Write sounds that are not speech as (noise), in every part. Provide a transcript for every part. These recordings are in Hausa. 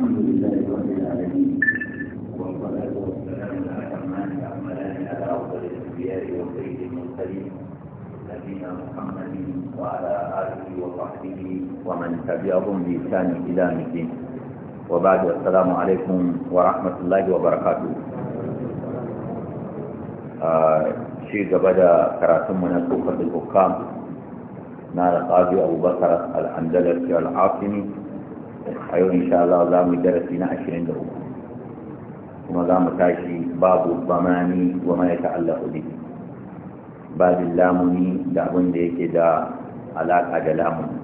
الحمد لله رب العالمين والصلاة والسلام على على أفضل الأنبياء المرسلين محمد وعلى آله وصحبه ومن تبعهم بإحسان إلى الدين وبعد السلام عليكم ورحمة الله وبركاته آه، شيء قبل كراتم من سوقة الحكام نال قاضي أبو بكر الأندلسي العاصمي a yau insha Allah za mu yi darasi na ashirin da uku kuma za mu tashi babu bamani wa ma ya ta'allaku bi babin lamuni da abin da yake da alaƙa da lamuni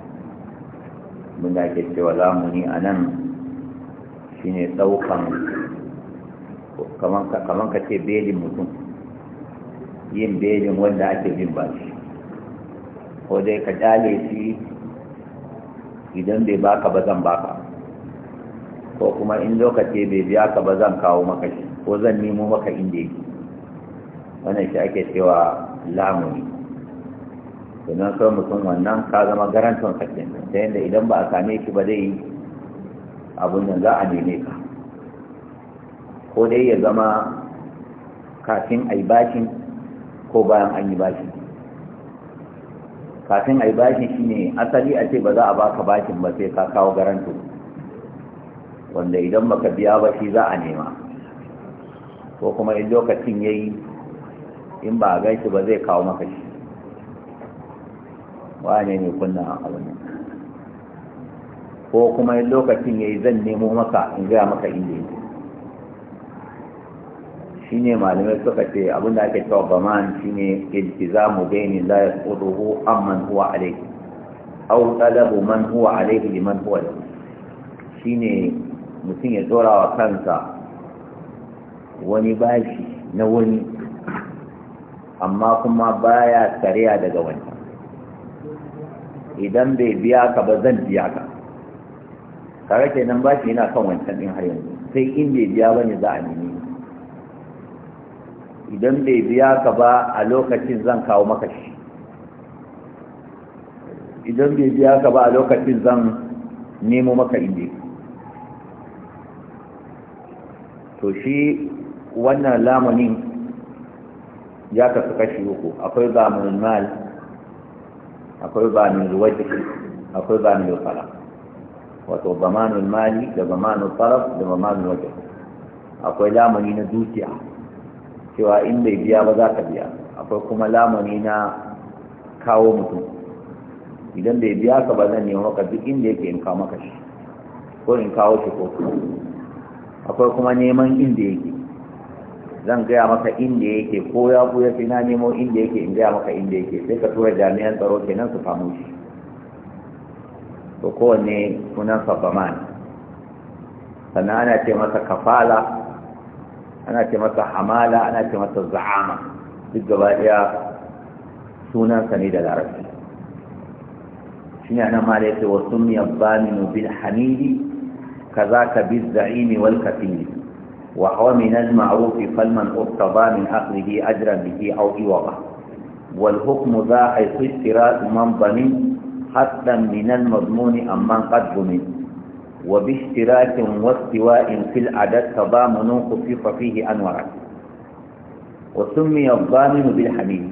Muna da cewa lamuni a nan daukan kaman ɗaukan kamar ka ce belin mutum yin belin wanda ake bin shi. ko dai ka dale shi idan bai baka ba zan baka ko kuma in lokaci bai biya ka ba zan kawo maka shi ko zan nemo maka inda yake wannan shi ake cewa lamuni sannan kawai mutum wannan ka zama garantin sakin ta yadda idan ba a same shi ba zai abun nan za a neme ka ko dai ya zama kafin a yi bashin ko bayan an yi bashin kafin a yi bashi shine asali a ce ba za a baka bashin ba sai ka kawo garanto wanda idan baka biya ba shi za a nema ko kuma in lokacin ya yi in ba a gaishe ba zai kawo maka shi wane ne kunna a wani ko kuma in lokacin ya yi zan nemo maka in gaya maka inda yi ne malamai suka ce abin da ake cewa baman shine iltizamu bainin la yasqutuhu amman huwa alayhi aw talabu man huwa alayhi liman huwa lahu shine mutum ya dora wa kansa wani bashi na wani amma kuma baya tsariya daga wani idan bai biya ka ba zan biya ka kare kenan bashi yana kan wancan din har yanzu sai in bai biya bane za a nemi idan bai biya ka ba a lokacin zan kawo maka shi idan bai biya ka ba a lokacin zan nemo maka inda to shi wannan lamunin ya kasu kashi uku akwai zamanin mal akwai zamanin ruwaji akwai zamanin fara wato zamanin mali da zamanin faraf da zamanin wajen akwai lamuni na dukiya cewa in bai biya ba za ka biya akwai kuma lamuni na kawo mutum idan bai biya ka ba zan nemo maka duk inda yake in kawo maka shi ko in kawo shi ko kuma akwai kuma neman inda yake zan gaya maka inda yake ko ya buya sai na nemo inda yake in gaya maka inda yake sai ka tura jami'an tsaro kenan su kamo shi to kowanne sunan mani sannan ana ce masa kafala ana ce masa hamala ana ce masa za'ama duk gaba ɗaya sunansa ne da larabci shi ne ana mala yake wa sun miya baminu bil hamidi kaza ka bi za'imi wal kafiri wa hawa min al ma'rufi falman uqtaba min aqlihi ajran bihi aw iwaqa wal hukmu za haythu istira man banin hatta min al madmuni amman qad bumin وباشتراك واستواء في العدد تضامن خفف فيه أنورا وسمي الضامن بالحميد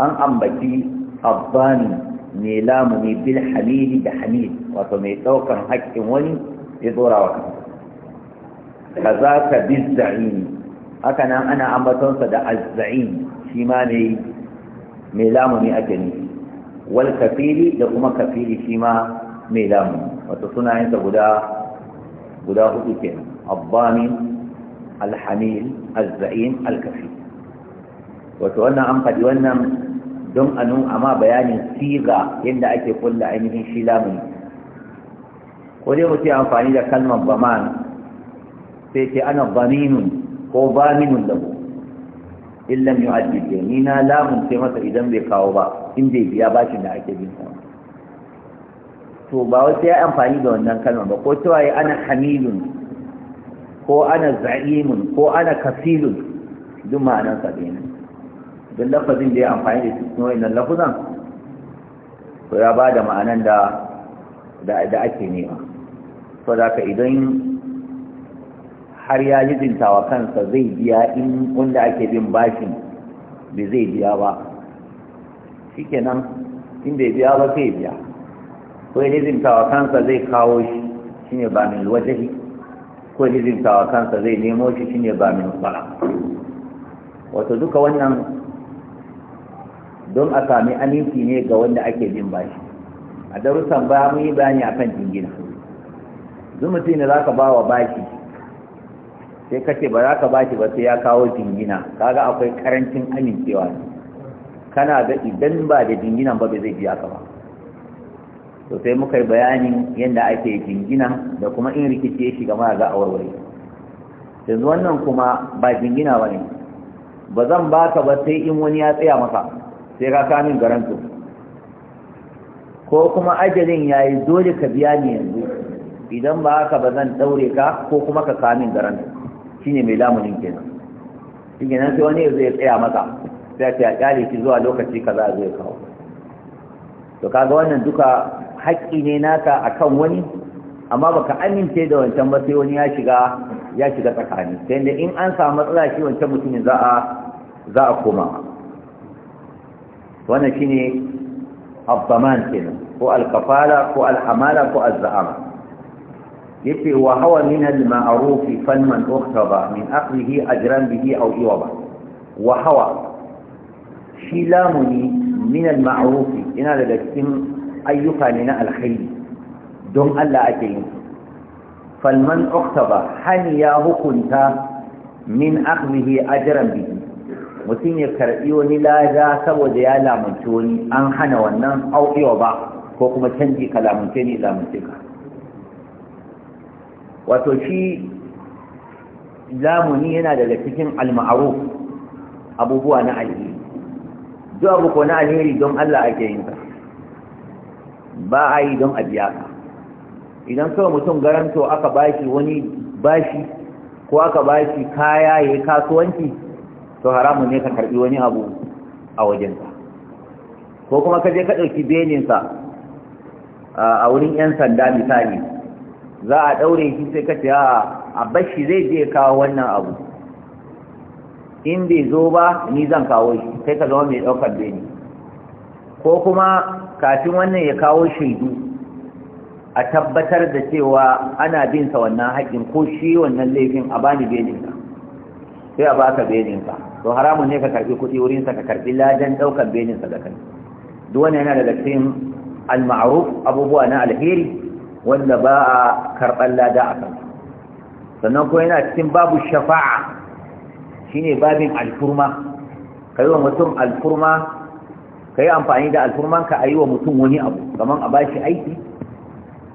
أن أنبتي الضامن ميلامني بالحميد بحميد وتميتوكا حق وني يدورا وكا كذاك بالزعيم أكنا أنا أنبتون صدى الزعيم شماني ميلامني أجني والكفيل لكما كفيل شما mai lamu wato sunayensa guda guda hudu ke abbami alhamil azza'in alkafi wato wannan an faɗi wannan don a nun amma bayanin siga yadda ake kulla ainihin shi lamuni. ko dai mutum amfani da kalmar baman sai ke ana baminun ko baminun lahu illam yu'addi ni na lamun sai masa idan bai kawo ba in bai biya bashin da ake bin sa to ba wata ya amfani da wannan kalma ba ko cewa ya ana hamilun ko ana za'imun ko ana kafilun duk ma'anar sabina don lafazin da ya amfani da cikin wa'innan lafuzan to ya ba da ma'anan da da ake nema so da ka idan har ya jizinta wa kansa zai biya in wanda ake bin bashin bai zai biya ba shi kenan in bai biya ba sai biya ko ya lizimtawa kansa zai kawo shi ne ba min wajahi ko lizimtawa kansa zai nemo shi shi ne ba min tsara wato duka wannan don a sami aminci ne ga wanda ake ba bashi a darussan ba mu yi bayani akan jingina duk mutum ne za ka ba wa bashi sai kace ba za ka bashi ba sai ya kawo jingina kaga akwai karancin amincewa kana ga idan ba da jinginan ba bai zai biya ka ba to sai muka yi bayanin yadda ake jingina da kuma in rikici ya shiga mara za a warware yanzu wannan kuma ba jingina ba ne ba zan ba ka ba sai in wani ya tsaya maka sai ka kamin garanto ko kuma ajalin ya yi dole ka biya ni yanzu idan ba haka ba zan daure ka ko kuma ka kamin garanto shine mai lamunin kenan shi kenan sai wani zai tsaya maka sai ta kyale shi zuwa lokaci kaza zai kawo to kaga wannan duka haƙƙi ne naka akan wani amma baka amince da wancan ba sai wani ya shiga ya shiga tsakani sai da in an samu matsala shi wancan mutumin za a za a koma wannan shine abdaman kenan ko alkafala ko alhamala ko azza'ama yace wa hawa min al-ma'ruf fanman uktaba min aqlihi ajran bihi aw iwaba wa hawa shi lamuni min al ina daga cikin ayyuka ne na alkhairi don Allah ake yin su falman uktaba hani ya hukunta min akhlihi ajran bihi mutum ya karbi wani lada saboda ya lamunci wani an hana wannan aukiwa ba ko kuma canji ka lamunce ni lamunce ka wato shi lamuni yana daga cikin alma'aruf abubuwa na alheri duk abu ko na alheri don Allah ake yin sa ba a yi don a biya ka idan kawai mutum garanto aka bashi wani bashi ko aka bashi kaya ya yi kasuwanci to haramun ne ka karbi wani abu a ka. ko kuma ka je ka ɗauki beninsa a wurin 'yan sanda misali za a ɗaure shi sai ka ce a bashi zai je kawo wannan abu in bai zo ba ni zan kawo shi sai ka zama mai ɗaukar beni ko kuma kafin wannan ya kawo shaidu a tabbatar da cewa ana bin sa wannan haƙƙin ko shi wannan laifin a bani belinka sai a baka belinka to haramun ne ka karbi kuɗi wurin sa ka karbi ladan ɗaukar belinsa da kai duk yana daga cikin al-ma'ruf abubuwa na alheri wanda ba a karɓar lada a kan sannan kuma yana cikin babu shafa'a shine babin alfurma kai wa mutum alfurma ka yi amfani da alfurmanka a yi wa mutum wani abu kamar a bashi aiki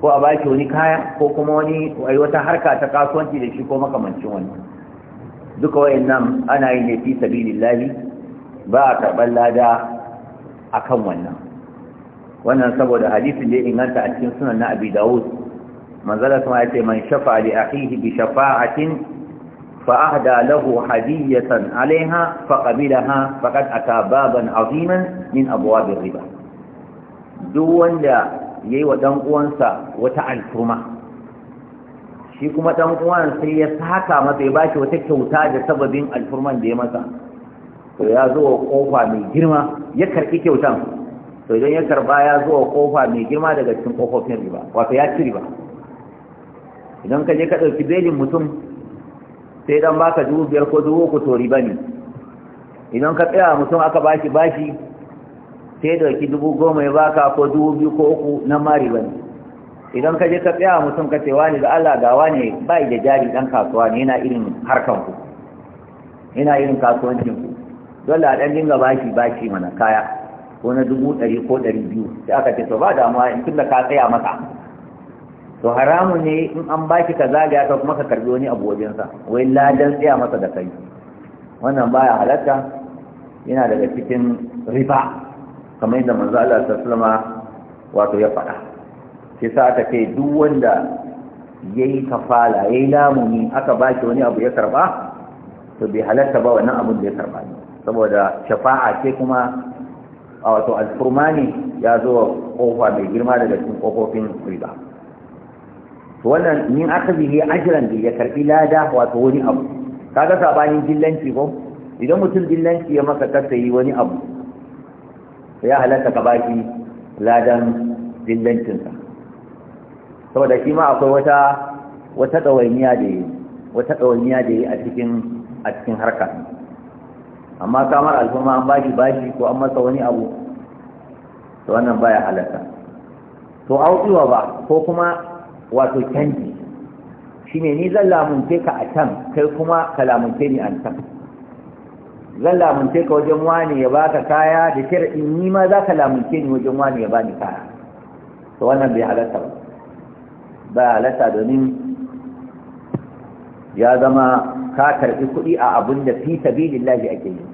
ko a bashi wani kaya ko kuma wani wata harka ta kasuwanci da shi ko makamancin wani duka wayan nan ana yi ne fi sabilillahi ba a karɓar lada a kan wannan wannan saboda hadisin da ya inganta a cikin sunan na abi dawud manzala sama ya ce man shafa li akhihi bi shafa'atin فأهدى له هدية عليها فقبلها فقد أتى بابا عظيما من أبواب الربا دون لا يوى دنقوانسا وتعلفما shi kuma dan uwan sai ya saka masa ya bashi wata kyauta da sababin alfurman da ya masa to ya zo wa kofa mai girma ya karbi kyautan to idan ya karba ya zo wa kofa mai girma daga cikin kofofin riba wato ya ci riba idan ka je ka ɗauki belin mutum sai dan baka dubu biyar ko dubu uku to riba ne idan ka tsaya mutum aka bashi bashi sai dauki dubu goma ya baka ko dubu biyu ko uku na ma riba ne idan ka je ka tsaya mutum ka ce wani da Allah ga wani bai da jari dan kasuwa ne yana irin harkan ku yana irin kasuwancin ku dole a dan dinga bashi bashi mana kaya ko na dubu ɗari ko ɗari biyu sai aka ce to ba damuwa in tun da ka tsaya masa to haramu ne in an baki ka zagaya ka kuma ka karbi wani abu wajen sa? wai ladan tsaya masa da kai wannan baya halatta yana daga cikin riba kamar yadda manzo Allah sallama wato ya faɗa shi sa ta kai duk wanda yayi kafala yayi lamuni aka baki wani abu ya karba to bai halatta ba wannan abun da ya karba ne saboda shafa'a ce kuma a wato furmani ya zo kofa mai girma daga cikin kofofin riba wannan min akabi ne ajiran da ya karbi lada wato wani abu kaga sabanin dillanci ko idan mutum dillanci ya maka ka yi wani abu ya halatta ka baki ladan dillancinsa saboda shi ma akwai wata wata ɗawainiya da yi wata ɗawainiya da yi a cikin a cikin harka amma kamar alfuma an baki-baki ko an masa wani abu to wannan baya halatta to auɗiwa ba ko kuma wato canji ne ni zan lamunce ka a can kai kuma ka lamunce ni a can zan lamunce ka wajen wani ya baka kaya da shar'in ni ma za ka lamunce ni wajen wani ya bani kaya to wannan bai halatta ba ba halatta domin ya zama ka karɓi kuɗi a abin da fi sabilillahi ake yi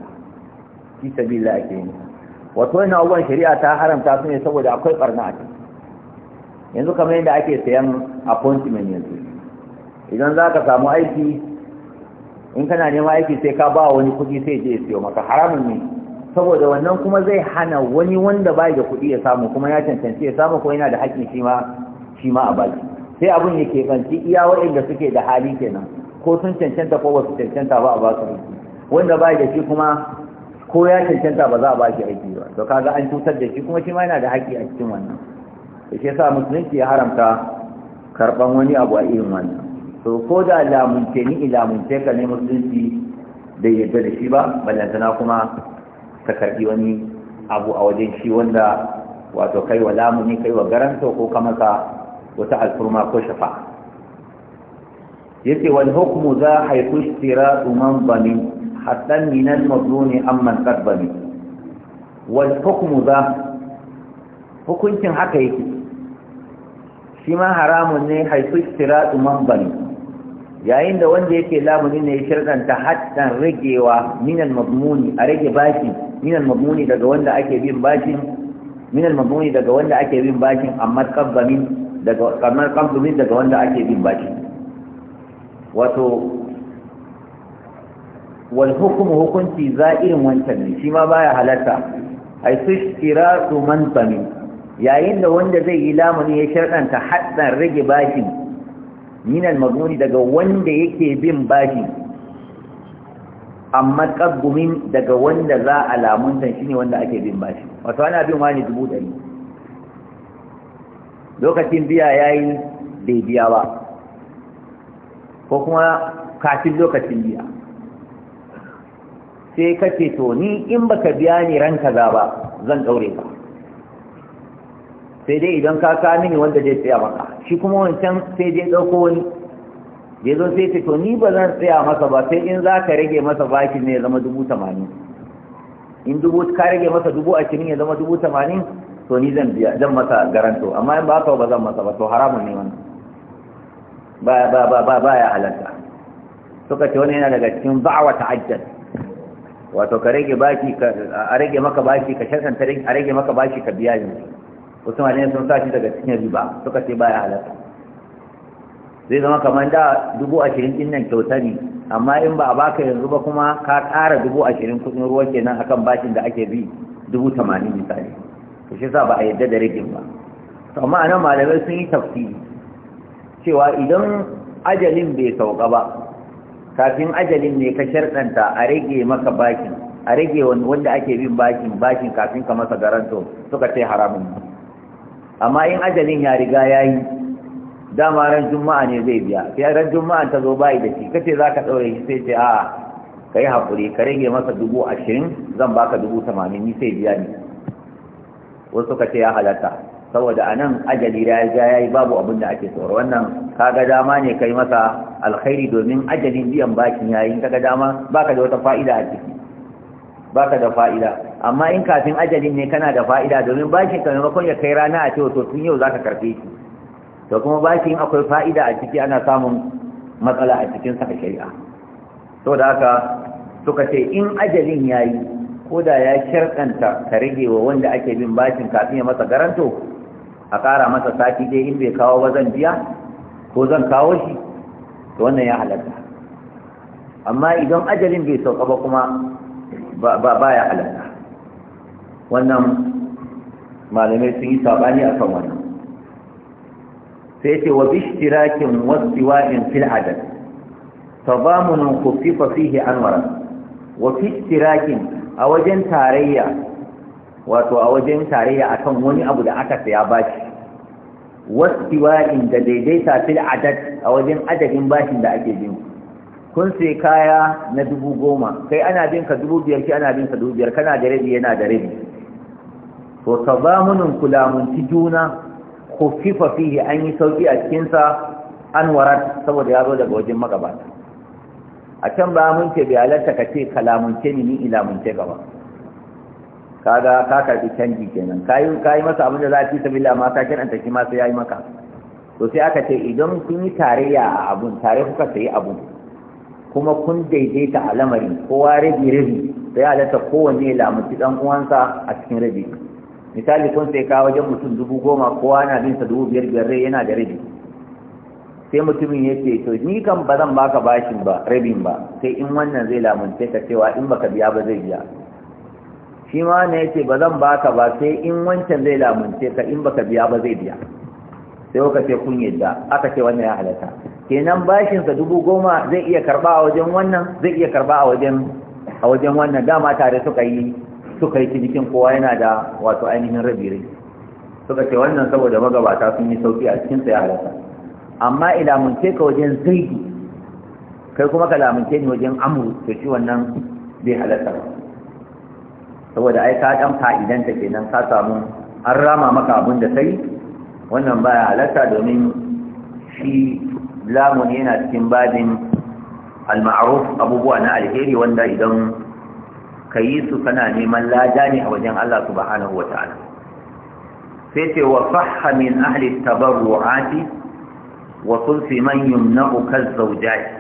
fi sabilillahi ake yi wato yana abubuwan shari'a ta haramta su ne saboda akwai ɓarna a cikin. yanzu kamar yadda ake sayan appointment yanzu idan za ka samu aiki in kana neman aiki sai ka ba wani kudi sai je siyo maka haramun ne saboda wannan kuma zai hana wani wanda ba da kudi ya samu kuma ya cancanci ya samu ko yana da haƙƙin shi ma shi ma a baki sai abun ya keɓanci iya waɗanda suke da hali kenan ko sun cancanta ko wasu cancanta ba a ba su aiki wanda ba da shi kuma ko ya cancanta ba za a ba shi aiki ba to kaga an cutar da shi kuma shi ma yana da haƙƙi a cikin wannan da ke sa musulunci ya haramta karban wani abu a irin wannan so ko da lamunce ni ilamunce ka ne musulunci da yadda da shi ba ballantana kuma ka karbi wani abu a wajen shi wanda wato kai wa lamuni kai wa garanta ko ka masa wata alfurma ko shafa yace wani hukumu za haifu istiratu man bani hatta min al amman qad bani wal za hukuncin haka yake shi ma haramun ne haifu istiratu mambani yayin da wanda yake lamuni ne ya shirganta haddan ragewa minal mabmuni a rage bashi minal mabmuni daga wanda ake bin bashin minal mabmuni daga wanda ake bin bashin amma kabbamin daga kamar kabbamin daga wanda ake bin bashin wato wal hukumu hukunci za irin wancan ne shi ma baya halatta ai su shira su man yayin da wanda zai yi lamuni ya shirɗanta haɗin rage bashin minan magnuni daga wanda yake bin bashi amma ƙaggumin daga wanda za a lamuntan shi ne wanda ake bin bashi wato ana bin wani dubu ɗari lokacin biya ya yi daidiya biya ba ko kuma kafin lokacin biya sai kake to ni in baka biya ni ranka za ba zan ɗaure ba. sai dai idan ka ka mini wanda zai tsaya maka shi kuma wancan sai dai ɗauko wani ya zo sai ce to ni ba zan tsaya masa ba sai in za ka rage masa bakin ne ya zama dubu tamanin in dubu ka rage masa dubu ashirin ya zama dubu tamanin to ni zan biya zan masa garanto amma in ba ka ba zan masa ba to haramun ne wannan ba ba ba ba ba ya halarta suka ce wani yana daga cikin ba'awa ta'ajjal wato ka rage baki ka a rage maka baki ka shakanta a rage maka baki ka biya yanzu wasu malamai sun sa shi daga cikin riba suka ce baya halatta zai zama kamar da dubu ashirin din nan kyauta ne amma in ba a baka yanzu ba kuma ka ƙara dubu ashirin kuɗin ruwa kenan akan bashin da ake bi dubu tamanin misali to shi sa ba a yadda da rigin ba to amma anan malamai sun yi tafsiri cewa idan ajalin bai sauka ba kafin ajalin ne ka sharɗanta a rage maka bakin a rage wanda ake bin bakin bakin kafin ka masa garanto suka ce haramun amma in ajalin ya riga ya yi dama ran juma'a ne zai biya sai ran juma'a ta zo bai da shi kace za ka shi sai ce a ka hakuri haƙuri ka rage masa dubu ashirin zan baka dubu tamanin ni sai biya ni wasu ka ya halatta saboda a nan ajali ya riga ya yi babu abin da ake tsoro wannan kaga dama ne kai masa alkhairi domin ajalin biyan bakin yayin kaga dama baka da wata fa'ida a ciki baka da fa'ida amma in kafin ajalin ne kana da fa'ida domin bashin ka maimakon ya kai rana a cewa tun yau za ka karfe shi to kuma bashin akwai fa'ida a ciki ana samun matsala a cikin a shari'a to da haka suka ce in ajalin ya yi ko da ya shirkanta ka rage wa wanda ake bin bashin kafin ya masa garanto a ƙara masa sati dai in bai kawo ba zan biya ko zan kawo shi to wannan ya halatta amma idan ajalin bai sauka ba kuma ba ya halatta wannan malamai sun yi sabani a kan wannan sai ce wa bishtirakin wasiwa'in fil adad tazamunun kufifa fihi anwara wa bishtirakin a wajen tarayya wato a wajen tarayya akan wani abu da aka saya bashi wasiwa'in da daidaita fil adad a wajen adadin bashin da ake bin kun sai kaya na dubu goma kai ana bin ka dubu biyar ki ana bin ka dubu biyar kana da rabi yana da rabi to tazamunun kulamunci juna khufifa fihi an yi sauki a cikinsa an warat saboda ya zo daga wajen magabata a can ba mun ce alatta kace ka ce ni ila ni ce gaba kaga ka Ka karbi canji kenan kai kai masa abin da za ka yi ma ka kiranta shi ma sai yayi maka to sai aka ce idan kun yi tarayya a abun tare kuka sayi abu? kuma kun daidaita a lamari kowa rabi rabi sai alatta kowanne lamunci dan uwansa a cikin rabi misali kun sai ka wajen mutum dubu goma kowa na bin sa dubu biyar biyar rai yana da rabi sai mutumin ya ce to ni kan ba zan baka bashin ba rabin ba sai in wannan zai lamunce ka cewa in baka biya ba zai biya shi ma ne ya ce ba zan baka ba sai in wancan zai lamunce ka in baka biya ba zai biya sai kuka ce kun yadda aka ce wannan ya halatta kenan bashin sa dubu goma zai iya karba a wajen wannan zai iya karba a wajen a wajen wannan dama tare suka yi suka yi cikin kowa yana da wato ainihin rabirai suka ce wannan saboda magabata sun yi sauki a cikin ya halatta amma ilamunce ka wajen zaidi kai kuma ka lamunce ni wajen amru to shi wannan bai halatta saboda ai ka dan fa'idan ta kenan ka samu an rama maka abin da sai. wannan baya halatta domin shi lamun yana cikin babin al-ma'ruf abubuwa na alheri wanda idan ka yi su kana neman lada ne a wajen Allah subhanahu wata'ala sai ce wa fahha min ahli tabarru'ati wa sulfi man yumna'u kazzawjati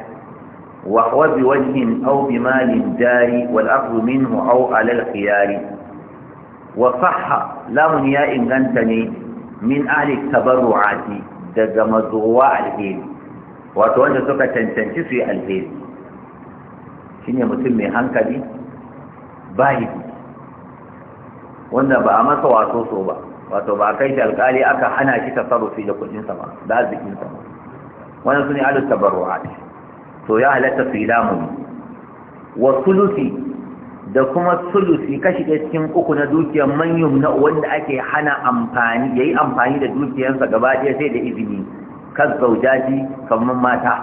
wa huwa biwajhin aw bimalin jari wal aqlu minhu aw ala al khiyari wa fahha lamun ya inganta ne min ahli tabarru'ati daga mazuwa alheri wato wanda suka cancanci su yi alheri shine mutum mai hankali baligi wanda ba a masa wato so ba wato ba kai shi alkali aka hana shi tasarrufi da kudinsa ba da arzikinsa ba wannan su ne tabarru'at to ya halatta su yi wa sulusi da kuma sulusi kashi da cikin uku na dukiyar manyum na wanda ake hana amfani yayi amfani da dukiyarsa gaba ɗaya sai da izini kan zaujaji kamar mata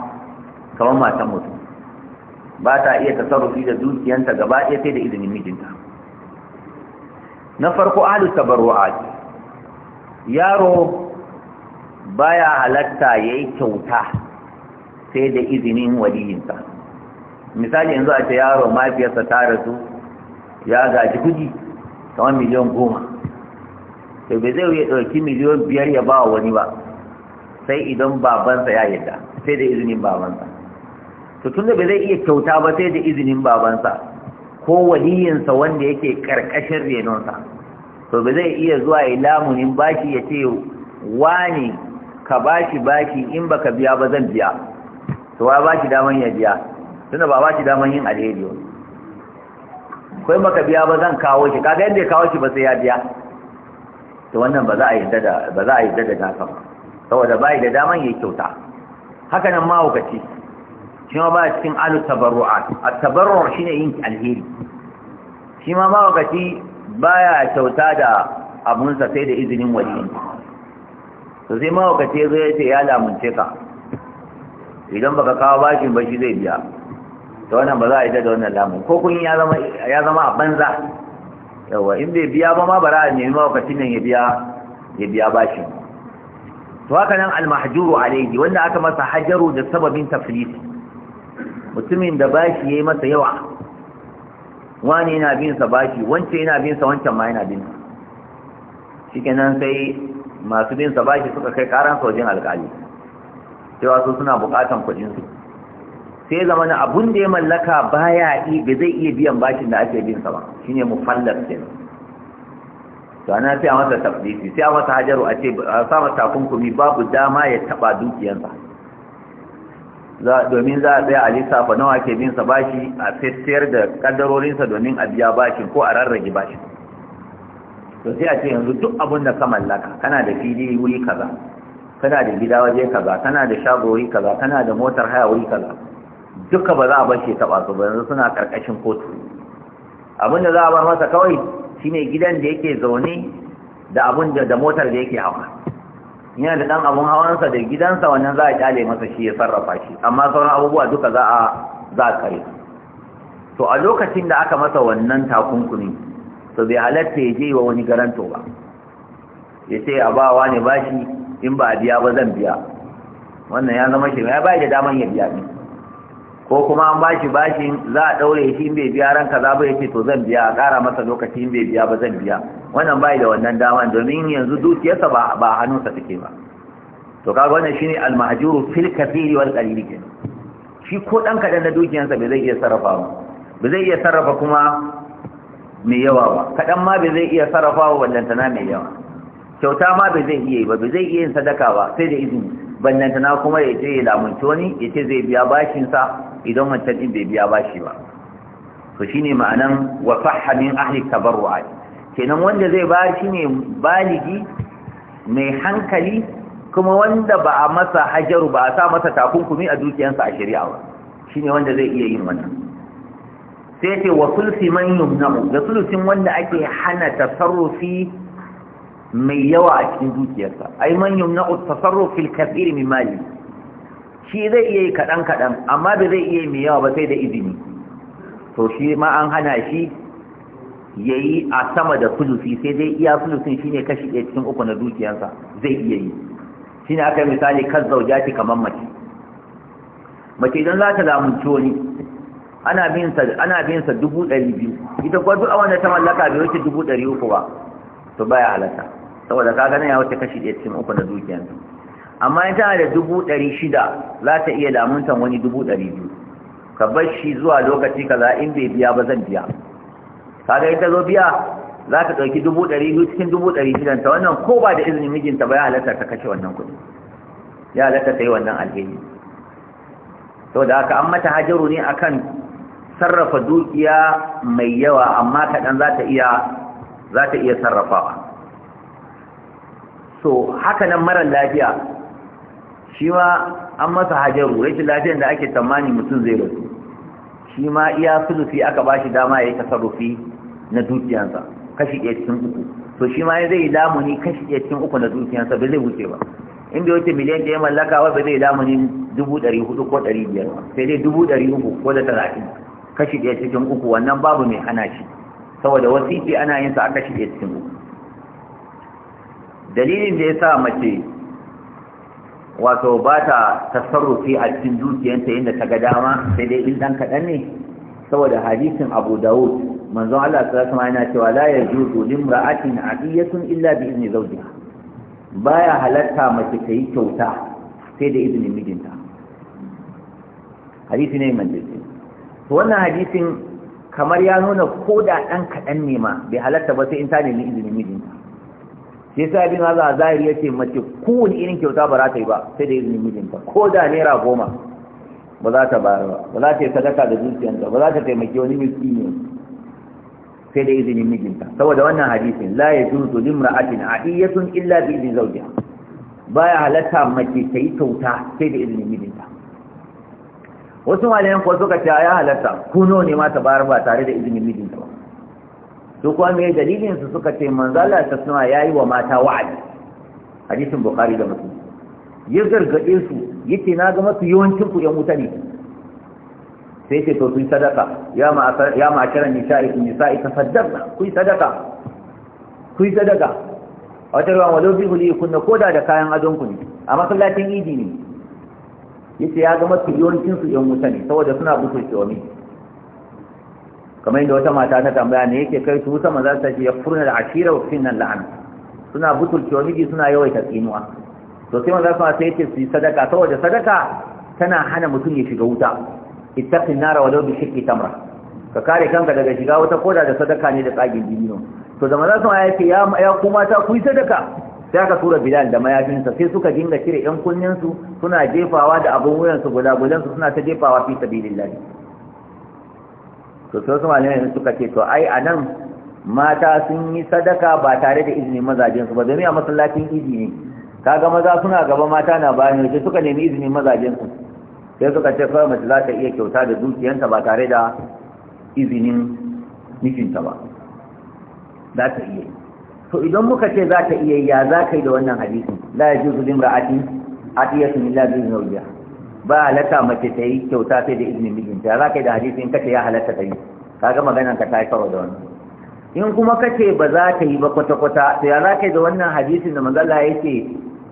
kamar matan mutum ba ta iya tasarrufi da dukiyanta gaba ɗaya sai da izinin mijinta na farko ahlus tabarru'at yaro baya halatta yayi kyauta sai da izinin waliyinsa misali yanzu a ce yaro mafiyarsa ta rasu ya gaji kudi kamar miliyan goma to bai zai ya ɗauki miliyan biyar ya ba wani ba sai idan babansa ya yadda sai da izinin babansa to tunda da zai iya kyauta ba sai da izinin babansa ko waliyinsa wanda yake karkashin renonsa to ba zai iya zuwa ya lamunin bashi ya ce wani ka bashi bashi in baka biya ba zan biya to wa bashi daman ya biya tunda ba bashi daman yin alheri kai baka biya ba zan kawo shi kaga yadda ya kawo shi ba sai ya biya to wannan ba za a yadda da ba za a yadda da nasa saboda bai da daman yayi kyauta haka nan ma hukaci shi ma ba cikin alu tabarru'at at-tabarru' shine yin alheri shi ma ba wakati baya kyauta da abun sa, sai da izinin wali to sai ma wakati zo ya ce ya lamunce ka idan baka kawo bashin ba shi zai biya to wannan ba za a yi da wannan lamun ko kun ya zama ya zama a banza yawa in bai biya ba ma bara a nemi wakati nan ya biya ya biya bashin to haka nan al-mahjuru alayhi wanda aka masa hajaru da sababin taflisi mutumin da bashi yayi masa yawa wani yana bin sa bashi wance yana bin sa wancan ma yana bin sa shikenan sai masu bin sa bashi suka kai karan sojin alkali cewa su suna bukatan kuɗin su sai zama na abun da ya mallaka baya yi ba zai iya biyan bashin da ake bin sa ba shine mufallaf din to ana sai a masa tafdisi sai a masa hajaru a ce a sa masa takunkumi babu dama ya taba dukiyansa domin za a tsaya a lissafa nawa ke bin bashi a fesiyar da kaddarorinsa domin a biya bashi ko a rarrage bashin to sai a ce yanzu duk abin da ka mallaka kana da fili wuri kaza kana da gida waje kaza kana da shago wuri kaza kana da motar haya wuri kaza duka ba za a bashi taɓa su ba yanzu suna karkashin kotu abin da za a bar masa kawai shine gidan da yake zaune da abin da motar da yake hawa yana da dan abun hawansa da gidansa wannan za a kyale masa shi ya sarrafa shi amma sauran abubuwa duka za a za a kare to a lokacin da aka masa wannan takunkumi to bai halatta ya je wa wani garanto ba ya ce a ba wa ne bashi in ba a biya ba zan biya wannan ya zama shi ya bai da daman ya biya ne ko kuma an bashi bashin za a daure shi in bai biya ran kaza ba yace to zan biya a kara masa lokaci in bai biya ba zan biya wannan bai da wannan daman domin yanzu dukiyarsa ba ba hannunsa take ba to kaga wannan shine al-mahjuru fil kathiri wal qalil kenan shi ko dan kadan da dukiyarsa bai zai iya sarrafa ba bai zai iya sarrafa kuma mai yawa ba kadan ma bai zai iya sarrafa ba wa ballantana mai yawa kyauta ma bai zai iya ba bai zai iya yin sadaka ba sai da izini ballantana kuma ya ce ya lamunci wani ya ce zai biya bashin sa. idan wancan ɗin bai biya bashi ba to shine ma'anan wa ahli min ahli kenan wanda zai ba shi ne baligi mai hankali kuma wanda ba a masa hajaru ba a sa masa takunkumi a dukiyarsa a shari'a ba shine wanda zai iya yin wannan sai ce wa sulsi man yumna'u da wanda ake hana tasarrufi mai yawa a cikin dukiyarsa ai man yumna'u tasarrufil kathir min mali shi zai iya yi kaɗan-kaɗan amma ba zai iya mai yawa ba sai da izini to shi ma an hana shi ya yi a sama da fulusi sai dai iya shi shine kashi ɗaya cikin uku na dukiyarsa zai iya yi shi ne aka misali kan zauja ce kamar mace mace idan za ta lamunci wani ana bin sa dubu ɗari biyu ita kuwa duk awon wanda ta mallaka bai wuce dubu ɗari uku ba to baya halatta saboda ka ganin ya wuce kashi ɗaya cikin uku na dukiyarsa amma in tana da dubu ɗari shida za ta iya lamuntan wani dubu ɗari biyu ka bar shi zuwa lokaci kaza in bai biya ba zan biya kaga in ta zo biya za ta ɗauki dubu ɗari biyu cikin dubu ɗari shidan ta wannan ko ba da izinin mijinta ba ya halatta ta kashe wannan kuɗi ya halatta ta yi wannan alheri saboda haka an mata hajaru ne akan sarrafa dukiya mai yawa amma kaɗan za ta iya za ta iya sarrafawa so haka nan marar lafiya shi ma an masa hajaru rashin lafiyar da ake tsammani mutum zai rasu shi ma iya sulufi aka ba shi dama ya yi tasarrufi na dukiyansa kashi ɗaya cikin uku to shi ma zai yi lamuni kashi ɗaya cikin uku na dukiyansa ba zai wuce ba in bai wuce miliyan ɗaya mallaka ba zai lamuni dubu ɗari hudu ko ɗari biyar ba sai dai dubu ɗari uku ko da talatin kashi ɗaya cikin uku wannan babu mai hana shi saboda wasiƙi ana yin sa a kashi ɗaya cikin uku dalilin da ya sa mace wato ba ta tasarrufi a cikin dukiyanta yadda ta ga dama sai dai in dan kaɗan ne saboda hadisin abu dawud manzon Allah ta alaihi yana cewa la yajuzu limra'atin adiyatun illa bi izni zawjiha baya halatta mace ta yi kyauta sai da izinin mijinta hadisi ne mai to wannan hadisin kamar ya nuna ko da ɗan kaɗan ne ma bai halatta ba sai in ta nemi izinin mijinta sai sa bin haza zahiri yace mace wani irin kyauta ba za ta yi ba sai da izinin mijinta ko da naira goma ba za ta bayar ba ba za ta yi sadaka da zuciyarta ba za ta taimaki wani miskini sai da izinin mijinta saboda wannan hadisin la yajuzu limra'atin a'iyatun illa bi izni zawjiha baya halatta mace ta yi kyauta sai da izinin mijinta wasu malayan kuwa suka ce ya halatta kuno ne ma ta bayar ba tare da izinin mijinta ba su kuma me dalilin su suka ce manzo Allah ta suna yayi wa mata wa'adi hadisin bukhari da muslim ya gargade su yace na ga masu yawancin ku yan wuta ne sai ce to kun sadaka ya ma ya ma kira nisa'i kun nisa'i tasaddaqna kun sadaka kun sadaka a wata ruwan wajen bi huli kunna koda da kayan adon ku ne a masallacin idi ne yace ya ga masu yawancin su yan wuta ne saboda suna butucewa mini kamar yadda wata mata ta tambaya ne yake kai su sama za ta ce ya furna da ashira wa nan la'an suna butulce wa miji suna yawaita tsinuwa to sai maza su ta ce su yi sadaka saboda sadaka tana hana mutum ya shiga wuta ittaqin nara wa law bi tamra ka kare kanka daga shiga wuta ko da sadaka ne da tsagin dino to da maza su ya ce ya kuma ta ku sadaka sai aka tura bilal da mayafinsa sai suka dinga cire yan su suna jefawa da abun wuyan su guda gudansu suna ta jefawa fi sabilillahi to sai su malamai suka ce to ai a nan mata sun yi sadaka ba tare da izinin mazajensu ba domin a masallacin idi ne kaga maza suna gaba mata na bayan yau suka nemi izinin mazajensu sai suka ce kawai mace za ta iya kyauta da dukiyanta ba tare da izinin mijinta ba za ta iya to idan muka ce za ta iya ya za ka yi da wannan hadisin la yajuzu limra'atin atiyatu min la bi zawjiha ba halatta mace ta yi kyauta sai da izinin mijinta za ka yi da hadisi in kace ya halatta ta yi kaga maganan ka ta yi karo da wannan in kuma kace ba za ta yi ba kwata-kwata to ya za ka yi da wannan hadisin da manzala ya ce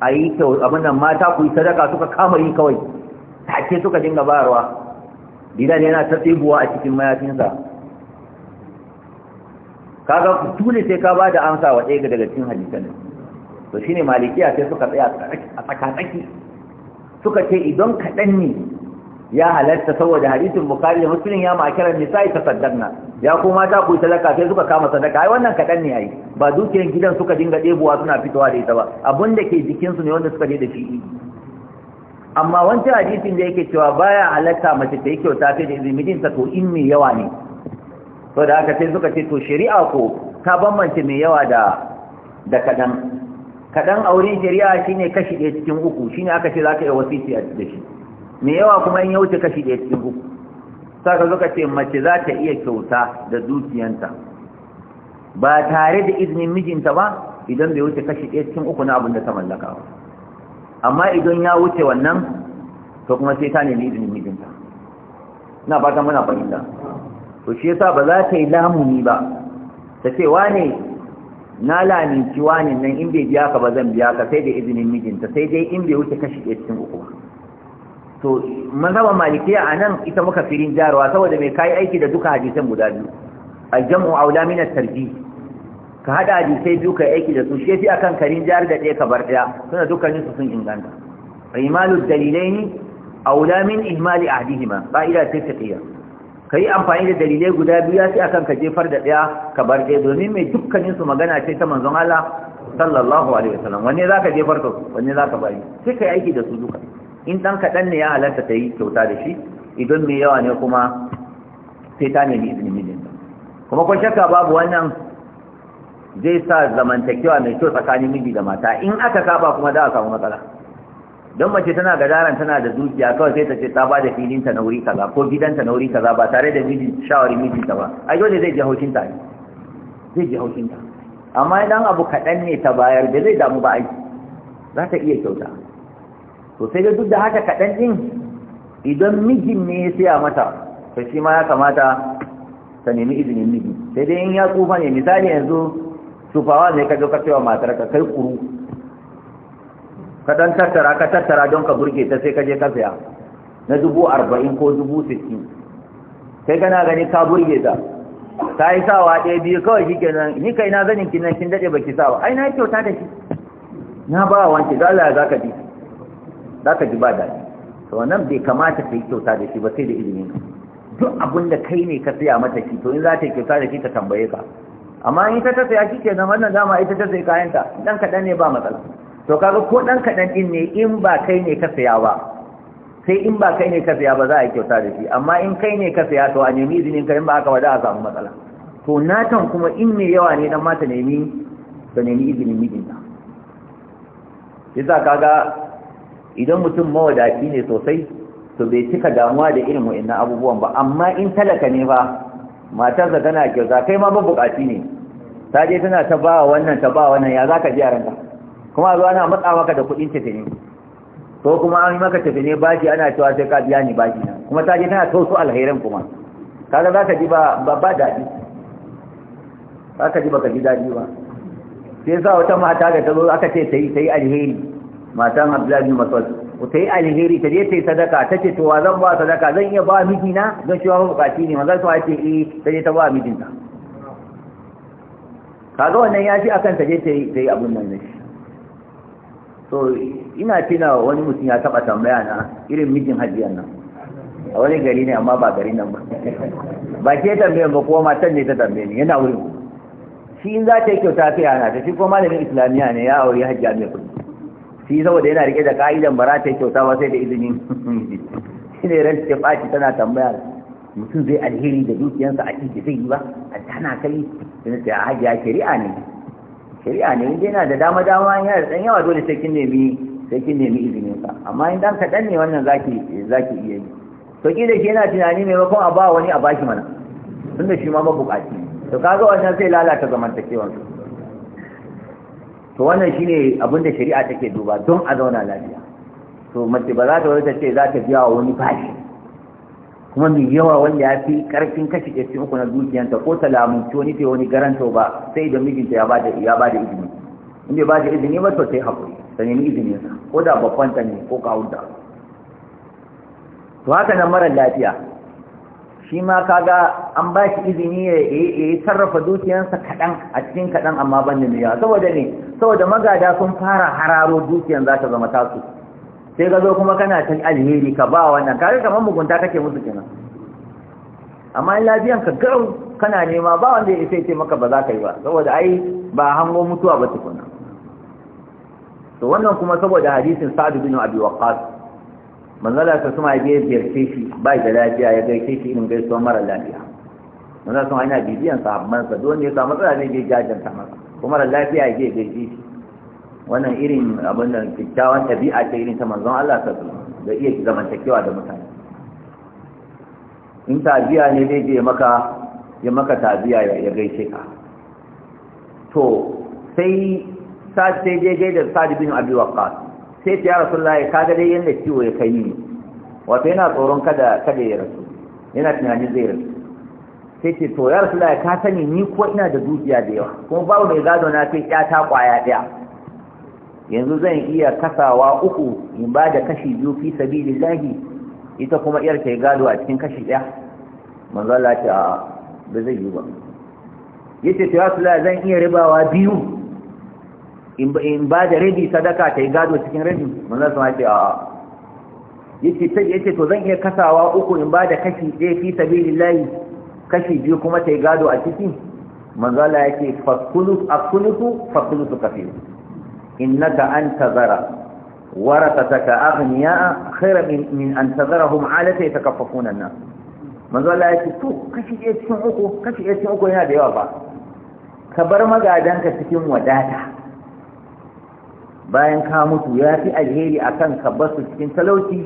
a yi kyau abin nan mata ku yi sadaka suka kama yi kawai take suka dinga bayarwa bilal yana ta tsibuwa a cikin mayafinsa kaga dole sai ka ba da amsa wa ɗaya daga cikin hadisan to shine malikiya sai suka tsaya a tsakatsaki suka ce idan kaɗan ne ya halatta saboda hadisin bukari da musulun ya makirar nisa'i ita na ya kuma ta kuyi talaka sai suka kama sadaka ai wannan kaɗan ne yi. ba dukiyar gidan suka dinga ɗebowa suna fitowa da ita ba Abun da ke jikinsu ne wanda suka je da shi amma wancan hadisin da yake cewa baya halatta mace ta yi kyauta sai da mijinta to in mai yawa ne saboda haka sai suka ce to shari'a ko ta bambance mai yawa da da kaɗan kaɗan auren shari'a shine kashi ɗaya cikin uku shine aka ce za ka yi wasiti a da shi mai yawa kuma in ya wuce kashi ɗaya cikin uku sa ka zo ka ce mace za ta iya kyauta da dukiyanta ba tare da izinin mijinta ba idan bai wuce kashi ɗaya cikin uku na abin da ta mallaka ba amma idan ya wuce wannan to kuma sai ta nemi izinin mijinta na ba ta muna fahimta to shi yasa ba za ta yi lamuni ba ta ce wane na laminci wani nan in bai biya ka ba zan biya ka sai da izinin mijinta sai dai in bai wuce kashi ɗaya cikin uku to mazhaban malikiya a nan ita muka firin jarawa saboda mai kayi aiki da duka hadisan guda biyu aljamu aula min at tarji, ka hada hadisai biyu ka aiki da su shi yafi akan karin jar da ɗaya ka bar ɗaya suna dukkanin su sun inganta imalu dalilaini aula min ihmali ahdihima ba'ida tafiqiyya ka yi amfani da dalilai guda biyu ya ce akan ka jefar da ɗaya ka bar ɗaya domin mai dukkanin su magana ce ta manzon Allah sallallahu alaihi wasallam wanne ka jefar ka wanne ka bari sai kai aiki da su duka in ɗan kaɗan ne ya halarta ta yi kyauta da shi idan mai yawa ne kuma sai ta nemi izinin mijinta kuma kun shakka babu wannan zai sa zamantakewa mai kyau tsakanin miji da mata in aka saba kuma za a samu matsala don mace tana gadaran tana da dukiya kawai sai ta ce ta da filinta na wuri kaza ko gidanta na wuri kaza ba tare da shawari shawarin mijinta ba ai zai ji haushin ta zai ji haushin ta amma idan abu kaɗan ne ta bayar da zai damu ba aiki, za ta iya kyauta to sai da duk da haka kaɗan ɗin idan mijin ne ya siya mata to shi ma ya kamata ta nemi izinin miji sai dai in ya tsufa ne misali yanzu tsufawa ne ka zo ka cewa matar ka kai kuru ka dan tattara ka tattara don ka burge ta sai ka je ka saya na dubu arba'in ko dubu sittin sai kana gani ka burge ta ta yi sawa ɗaya biyu kawai shi kenan ni kai na zanin kinan kin daɗe baki sawa ai na kyauta da shi na ba wanke za Allah za ka ji za ka ji ba daɗi to wannan bai kamata ka yi kyauta da shi ba sai da ilimin ka duk abin da kai ne ka saya mata shi to in za ta yi kyauta da shi ta tambaye ka amma in ta ta saya shi kenan wannan dama ita ta sai kayanta dan kaɗan ne ba matsala to kaga ko dan kadan din ne in ba kai ne ka saya ba sai in ba kai ne ka saya ba za a yi kyauta da shi amma in kai ne ka saya to a nemi izinin ka in ba haka ba za a samu matsala to natan kuma in mai yawa ne dan mata nemi da nemi izinin mijinta yasa kaga idan mutum mawadaci ne sosai to bai cika damuwa da irin wa'annan abubuwan ba amma in talaka ne ba matarsa tana kyauta kai ma ba bukaci ne ta je tana ta ba wannan ta ba wannan ya zaka ji a ranka kuma zo ana matsa maka da kuɗin tafini ko kuma an yi maka tafini bashi ana cewa sai ka biya ni bashi na kuma ta je tana so su alherin kuma kaga za ka ji ba ba daɗi za ka ji ba ka ji daɗi ba sai sa wata mata da ta zo aka ce ta yi ta yi alheri matan abdullahi bin masud ta yi alheri ta je ta yi sadaka ta ce to wa zan ba sadaka zan iya ba mijina don shi ba bukaci ne maza su a ce eh ta je ta ba mijinta kaga wannan ya ce akan ta je ta yi abin nan ne so ina tina wani mutum ya taba tambaya na irin mijin hajiyar nan a wani gari ne amma ba gari nan ba ba ke tambayan ba kuma matan ne ta tambaye ne yana wuri shi in za ta yi kyauta fi yana ta shi kuma malamin islamiyya ne ya aure hajjiya mai kudi shi saboda yana rike da ka'idan ba ta yi kyauta ba sai da izinin (laughs) shi ne ran ta ɓaci tana tambaya mutum zai alheri da dukiyansa a ciki zai yi ba a tana kai a ta hajjiya shari'a ne shari'a ne inda yana da dama dama ya da ɗan yawa dole sai kin nemi sai izinin sa amma in dan kaɗan ne wannan zaki zaki iya yi to kila shi yana tunani maimakon a ba wani a bashi mana tunda shi ma mabukaci to kaga wannan sai lalata zamantakewar su to wannan shine abin da shari'a take duba don a zauna lafiya to mace ba za ta wani ta ce za ta biya wa wani bashi kuma mai yawa wanda ya fi karfin kashi ɗaya cikin na dukiyanta ko ta lamunci wani ta wani garanta ba sai da mijinta ya bada ya bada izini in bai bada izini ba to sai haƙuri ta nemi izini ko da babban ta ne ko kawunta to haka nan marar lafiya shi ma kaga an ba shi izini ya yi sarrafa dukiyansa kaɗan a cikin kaɗan amma ban da mai yawa saboda ne saboda magada sun fara hararo dukiyan za ta zama tasu sai ka zo kuma kana ta alheri ka ba wannan kare kamar mugunta kake musu kenan amma in lafiyan ka garau kana nema ba wanda ya sai ce maka ba za ka yi ba saboda ai ba hango mutuwa ba tukuna to wannan kuma saboda hadisin sa'ad bin abi waqqas manzala ta suma ya ziyarce shi ba da lafiya ya gaishe shi in gaisuwa mara lafiya manzala sun ana bibiyan sahabban sa don ne ya matsala ne ya jajanta masa kuma lafiya ya gaishe shi wannan irin abin da kyakkyawan tabi'a ce irin ta manzon Allah ta da iya zamantakewa da mutane in tabi'a ne zai je maka ya maka tabi'a ya gaishe ka to sai sai je je da Sa'd bin Abi Waqqas sai ya Rasulullahi kaga dai yanda ciwo ya kai ni wato yana tsoron kada kada ya rasu yana tunanin zai rasu sai ce to ya Rasulullahi ka sani ni ko ina da dukiya da yawa kuma babu mai gado na sai ya ta kwaya daya yanzu zan iya kasawa uku in ba da kashi biyu fi sabilillahi ita kuma iyar ta gado a cikin kashi ɗaya manzo Allah ce a ba zai yi ba yace to Rasulullah zan iya ribawa biyu in ba da rabi sadaka ta gado cikin rabi manzo Allah ce a yace ta yace to zan iya kasawa uku in ba da kashi ɗaya fi sabilillahi kashi biyu kuma ta gado a ciki manzo Allah yake fakulus akulutu fakulutu kafiru innaka an tazara warasataka aghniya khairan min, min an tazarahum alata yatakaffafuna an-nas manzo Allah ya ce to kashi ɗaya cikin uku kashi ɗaya cikin uku yana da yawa ba ka bar magadanka cikin wadata bayan ka mutu ya fi alheri akan ka bar su cikin talauci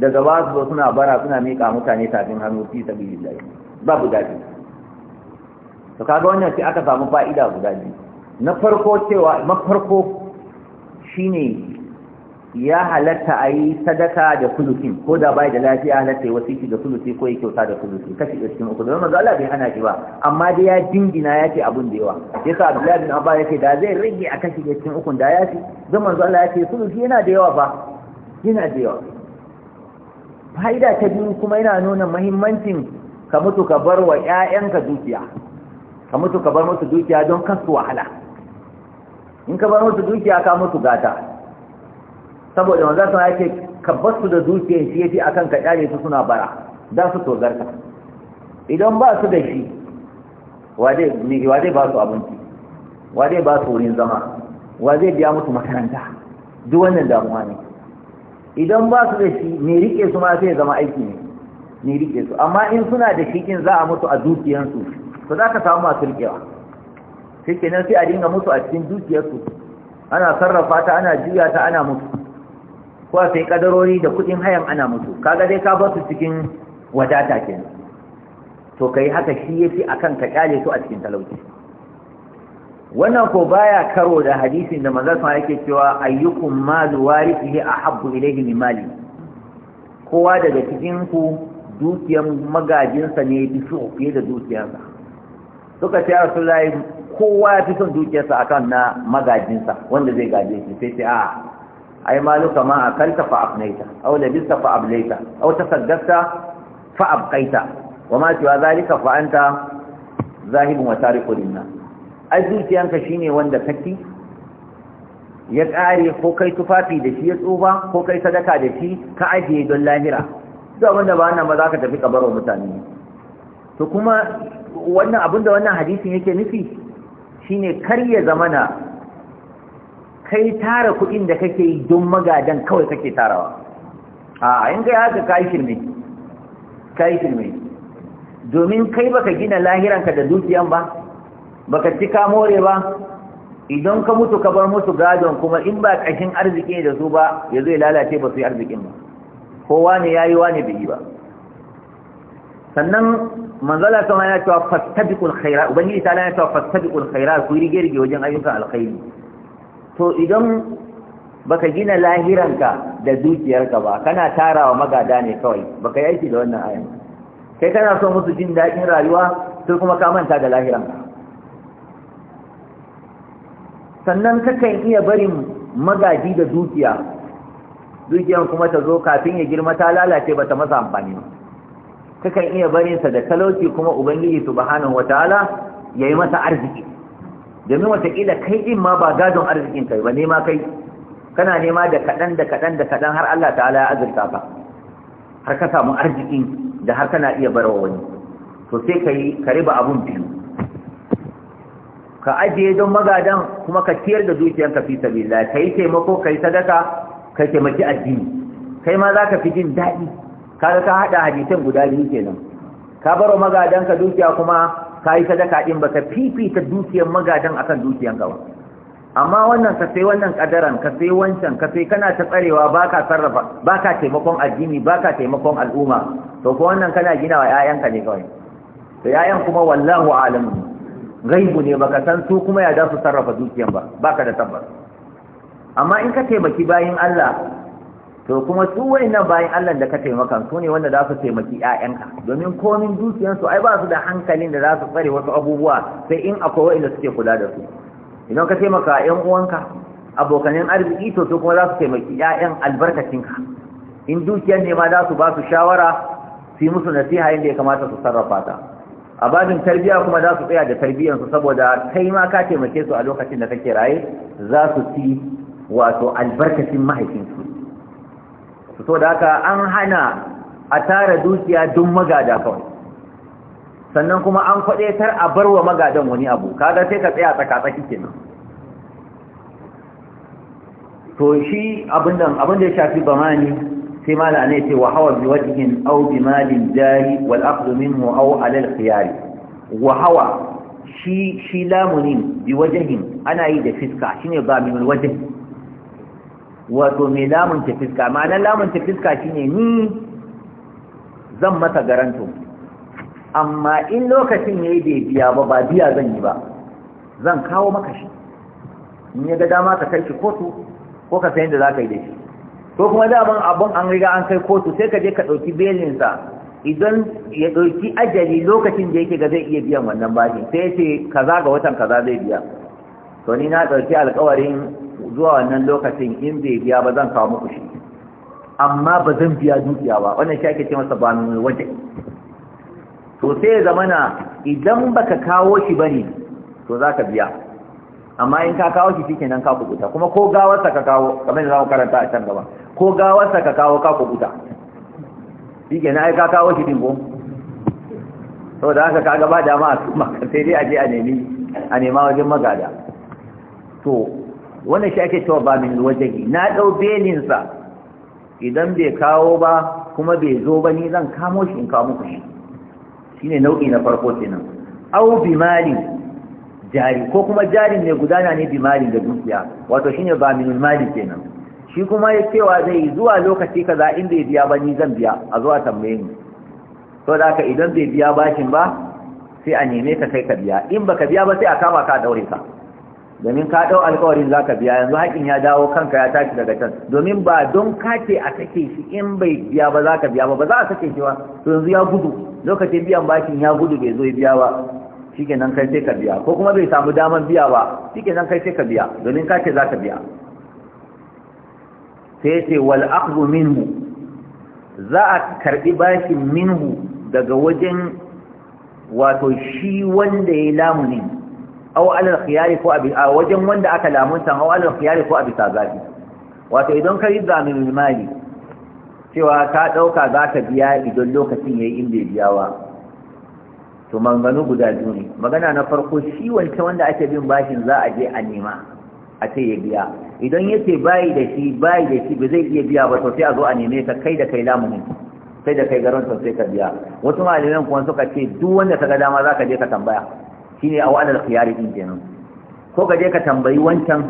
daga ba su suna bara suna miƙa mutane tafin hannu fi sabilillah babu daɗi to kaga wannan ce aka samu fa'ida guda biyu na farko cewa mafarko. shine ya halatta a yi sadaka da kulufin ko da bai da lafiya halatta ya wasu da kulufi ko ya kyauta da kulufi kashi da cikin uku don manzo Allah bai hana shi ba amma dai ya dingina ya ce abin da yawa yasa Abdullahi bin Abba ce da zai rage a kashi da cikin uku da ya ce don manzo Allah ya ce kulufi yana da yawa ba yana da yawa fa'ida ta biyu kuma yana nuna muhimmancin ka mutu ka bar wa 'ya'yanka dukiya ka mutu ka bar musu dukiya don kasu wahala in ka bar musu dukiya ka musu gata saboda wanda sun yake ka bar su da dukiyar shi yafi akan ka dare su suna bara da su tozarta idan ba su da shi wade wade ba su abinci wade ba su wurin zama wade biya musu makaranta duk wannan damuwa ne idan ba su da shi me rike su ma sai zama aiki ne ne rike su amma in suna da shi kin za a mutu a dukiyansu to za ka samu masu rikewa shikenan sai a dinga musu a cikin dukiyarsu ana sarrafa ta ana juya ta ana musu ko sai kadarori da kudin hayan ana musu kaga dai ka basu cikin wadata kenan to kai haka shi yafi akan ka kyale su a cikin talauci wannan ko baya karo da hadisin da manzon sa yake cewa ayyukum malu warithihi ahabbu ilayhi min mali kowa daga cikin ku dukiyar magajinsa ne fi so fiye da dukiyarsa suka ce rasulullahi kowa ya fi son dukiyarsa akan na magajinsa wanda zai gaje shi sai ce a ai malu kama a kalta fa afnaita aw labista fa ablaita aw tasaddaqta fa abqaita wama siwa zalika fa anta zahibun wa tariqu linna ai dukiyanka shine wanda kake ya kare ko kai tufafi da shi ya tsufa ko kai sadaka da shi ka ajiye don lahira duk wanda ba wannan ba za ka tafi kabarwa mutane to kuma wannan abinda wannan hadisin yake nufi shine kar ya zamana kai tara kuɗin da kake yi don magadan kawai kake tarawa a in kai haka kai shirme kai shirme domin kai baka gina lahiranka da dukiyan ba baka ci ka more ba idan ka mutu ka bar musu gadon kuma in ba kashin arziki da su ba ya lalace ba su yi arzikin ba kowa ne ya yi wa ne bai ba sannan manzala kama ya cewa fastabiqul khairat ubangiji ta ya cewa fastabiqul khairat ku rige rige wajen ayyukan alkhairi to idan baka gina lahiranka da dukiyarka ba kana tarawa magada ne kawai baka yi aiki da wannan ayan kai kana so musu jin daɗin rayuwa sai kuma ka manta da lahiranka sannan kakan iya barin magaji da dukiya dukiyan kuma ta zo kafin ya girma ta lalace ba ta masa amfani ba kakan iya sa da talauci kuma ubangiji subhanahu wataala yayi masa arziki domin kila kai din ma ba gadon arzikin kai ba nema kai kana nema da kaɗan da kaɗan da kaɗan har Allah ta'ala ya azurta ka har ka samu arzikin da har kana iya barawa wani to sai ka ka riba abun biyu ka ajiye don magadan kuma ka ciyar da zuciyarka fi sabilillah kai taimako kai sadaka kai taimaki addini kai ma za ka fi jin daɗi kaga ka hada hadisin guda biyu kenan ka baro magadanka dukiya kuma kai sadaka din baka fifita dukiyar magadan akan dukiyar gawa amma wannan ka sai wannan kadaran ka sai wancan ka sai kana ta tsarewa baka sarrafa baka taimakon addini baka taimakon al'umma to ko wannan kana gina wa yayanka ne kawai to yayan kuma wallahu alim gaibu ne baka san su kuma ya da su sarrafa dukiyar ba baka da tabbas amma in ka taimaki bayin Allah to kuma su wayannan bayan Allah da ka taimaka su ne wanda za su taimaki ƴaƴanka domin komin dukiyarsu ai ba su da hankalin da za su tsare wasu abubuwa sai in akwai wayanda suke kula da su idan ka taimaka ƴan uwanka abokanin arziki to su kuma za su taimaki ƴaƴan albarkacinka in dukiyar ne ma za su ba su shawara su yi musu nasiha yadda ya kamata su sarrafa ta a babin tarbiya kuma za su tsaya da tarbiyyarsu saboda kai ma ka taimake su a lokacin da kake raye za su ci wato albarkacin mahaifinsu to da haka an hana a tara dukiya dun magada kawai sannan kuma an tar a bar wa magadan wani abu kaga sai ka tsaya tsakatsaki kenan to shi abin da ya shafi bamani sai mala ne ce wa hawa bi wajhin aw bi malin jari wal aqdu minhu aw ala al khiyar wa hawa shi shi lamunin bi wajhin ana yi da fiska shine ba min wato mai lamun ta fiska ma'anar lamun ta fiska shine ni zan masa garanto amma in lokacin yayi bai biya ba ba biya zan yi ba zan kawo maka shi in ya ga dama ka kai shi kotu ko ka san yadda za ka yi da shi ko kuma daman abun an riga an kai kotu sai ka je ka ɗauki belinsa idan ya ɗauki ajali lokacin da yake ga zai iya biyan wannan bashin sai ya ce kaza ga watan kaza zai biya to ni na ɗauki alkawarin zuwa wannan lokacin in bai biya ba zan kawo muku shi amma ba zan biya dukiya ba wannan shi ake ce masa ba mu waje to sai ya zamana idan baka kawo shi bane to zaka biya amma in ka kawo shi shikenan ka kubuta kuma ko gawarsa ka kawo kamar da za karanta a can gaba ko gawarsa ka kawo ka kubuta shikenan ai ka kawo shi din ko da haka ka gaba da ma sai dai a je a nemi a nema wajen magada to wannan shi ake cewa ba min wajahi na dau belin sa idan bai kawo ba kuma bai zo ba ni zan kamo shi in kawo muku shi shine nau'i na farko kenan au bi mali jari ko kuma jarin ne gudana ne bi mali da dukiya wato shine ba min mali kenan shi kuma ya cewa zai zuwa lokaci kaza in bai biya ba ni zan biya a zuwa tambaye ni to da haka idan bai biya bashin ba sai a neme ka kai ka biya in baka biya ba sai a kama ka daure ka domin ka ɗau alkawarin za ka biya yanzu haƙin ya dawo kanka ya tashi daga can domin ba don ka ce a sake shi in bai biya ba za ka biya ba ba za a sake shi ba to yanzu ya gudu lokacin biyan bashin ya gudu bai zo ya biya ba shi nan kai sai ka biya ko kuma bai samu daman biya ba shi nan kai sai ka biya domin ka ce za ka biya sai ce wal aqdu minhu za a karbi bashin minhu daga wajen wato shi wanda ya lamunin aw alal khiyari ko abi a wajen wanda aka lamunta aw alal khiyari ko abi zabi wato idan ka yi zamin mali cewa ka dauka za ka biya idan lokacin yayi in bai biya to manganu guda biyu magana na farko shi wanda wanda ake bin bashin za a je a nema a ce ya biya idan yace bayi da shi bayi da shi ba zai iya biya ba to sai a zo a neme ka kai da kai lamunin sai da kai garin sai ka biya wasu malaman kuma suka ce duk wanda ka ga dama za ka je ka tambaya shine a wadal khiyari din kenan ko ka je ka tambayi wancan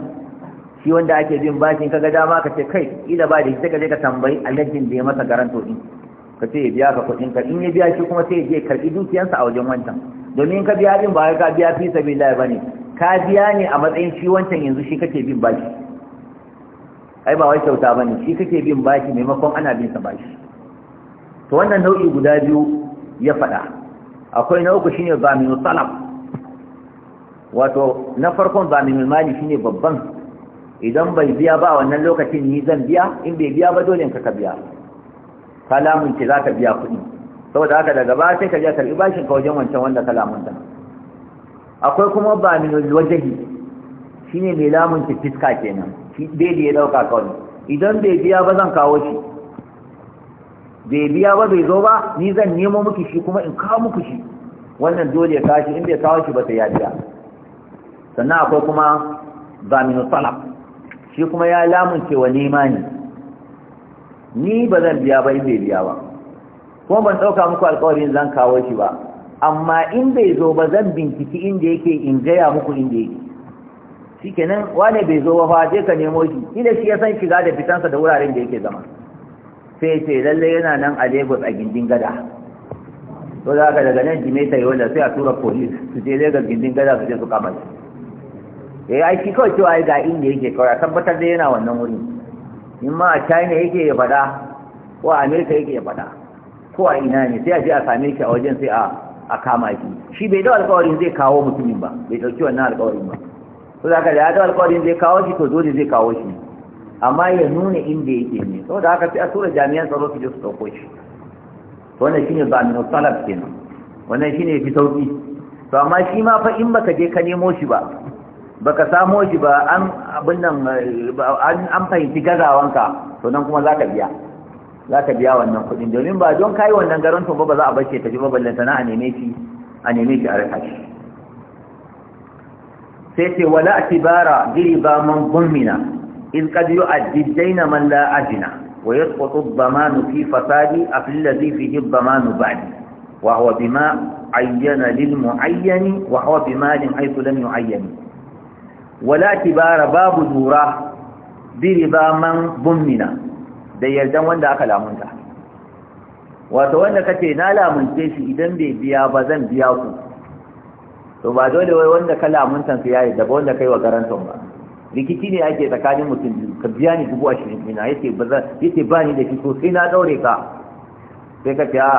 shi wanda ake bin bashin kaga dama ka ce kai ila ba da shi ka je ka tambayi alladin da ya masa garanto din ka ce ya biya ka kuɗin ka in ya biya shi kuma sai ya je karɓi dukiyansa a wajen wancan domin ka biya din ba ka biya fi sabilillah bane ka biya ne a matsayin shi wancan yanzu shi kake bin bashi ai ba wai kyauta bane shi kake bin bashi maimakon ana bin sa bashi to wannan nau'i guda biyu ya faɗa akwai na uku shine zaminu talab wato na farkon ba mai mali shine babban idan bai biya ba wannan lokacin ni zan biya in bai biya ba dole in ka biya kalamun ki zaka biya kuɗi saboda haka daga ba sai ka je karɓi bashin ka wajen wancan wanda kalamun da akwai kuma ba min wajahi shine mai lamun ki fiska kenan shi daidai ya dauka kawai idan bai biya ba zan kawo shi bai biya ba bai zo ba ni zan nemo muku shi kuma in kawo muku shi wannan dole ya kashi in bai kawo shi ba sai ya biya sannan akwai kuma zaminu salaf shi kuma ya lamun cewa, nema ne ni ba zan biya ba in bai biya ba kuma ban ɗauka muku alƙawarin zan kawo shi ba amma in bai zo ba zan binciki inda yake in gaya muku inda yake shi kenan wane bai zo ba fa je ka nemo shi kila shi ya san shiga da fitansa da wuraren da yake zama sai ce lallai yana nan a lagos a gindin gada to za ka daga nan jimeta yola sai a tura police su je lagos gindin gada su je su kama shi eh aiki kawai cewa ga inda yake kawai a tabbatar da yana wannan wuri in ma a china yake ya fada ko a america yake ya fada ko a ina ne sai a je a same shi a wajen sai a kama shi shi bai da alƙawarin zai kawo mutumin ba bai dauki wannan alƙawarin ba ko da ka da da alƙawarin zai kawo shi to dole zai kawo shi amma ya nuna inda yake ne saboda haka sai a tura jami'an tsaro su je su dauko shi wannan shine ba min salaf kenan wannan shine fi sauki to amma shi ma fa in baka je ka nemo shi ba baka samo shi ba an abin nan an fahimci gazawanka to nan kuma za ka biya za ka biya wannan kuɗin domin ba don kayi wannan garanto ba ba za a bace ta ji maballanta na a neme shi a neme shi a rika shi sai ce wala tibara giriba man gummina in kad yu'addi daina man la ajina wa yasqutu dhamanu fi fasadi afil ladhi fihi dhamanu ba'di wa huwa bima ayyana lil mu'ayyani wa huwa bimalin haythu lam yu'ayyani wala kibara babu dura bi ribaman man bummina da yardan wanda aka lamunta wato wanda kace na lamunce shi idan bai biya ba zan biya ku to ba dole wai wanda ka lamunta su yayi daga ba wanda kai wa garanton ba rikici ne ake tsakanin mutum biyu ka biya ni dubu ashirin ina yake ba yace ba ni da shi to sai na daure ka sai ka ce a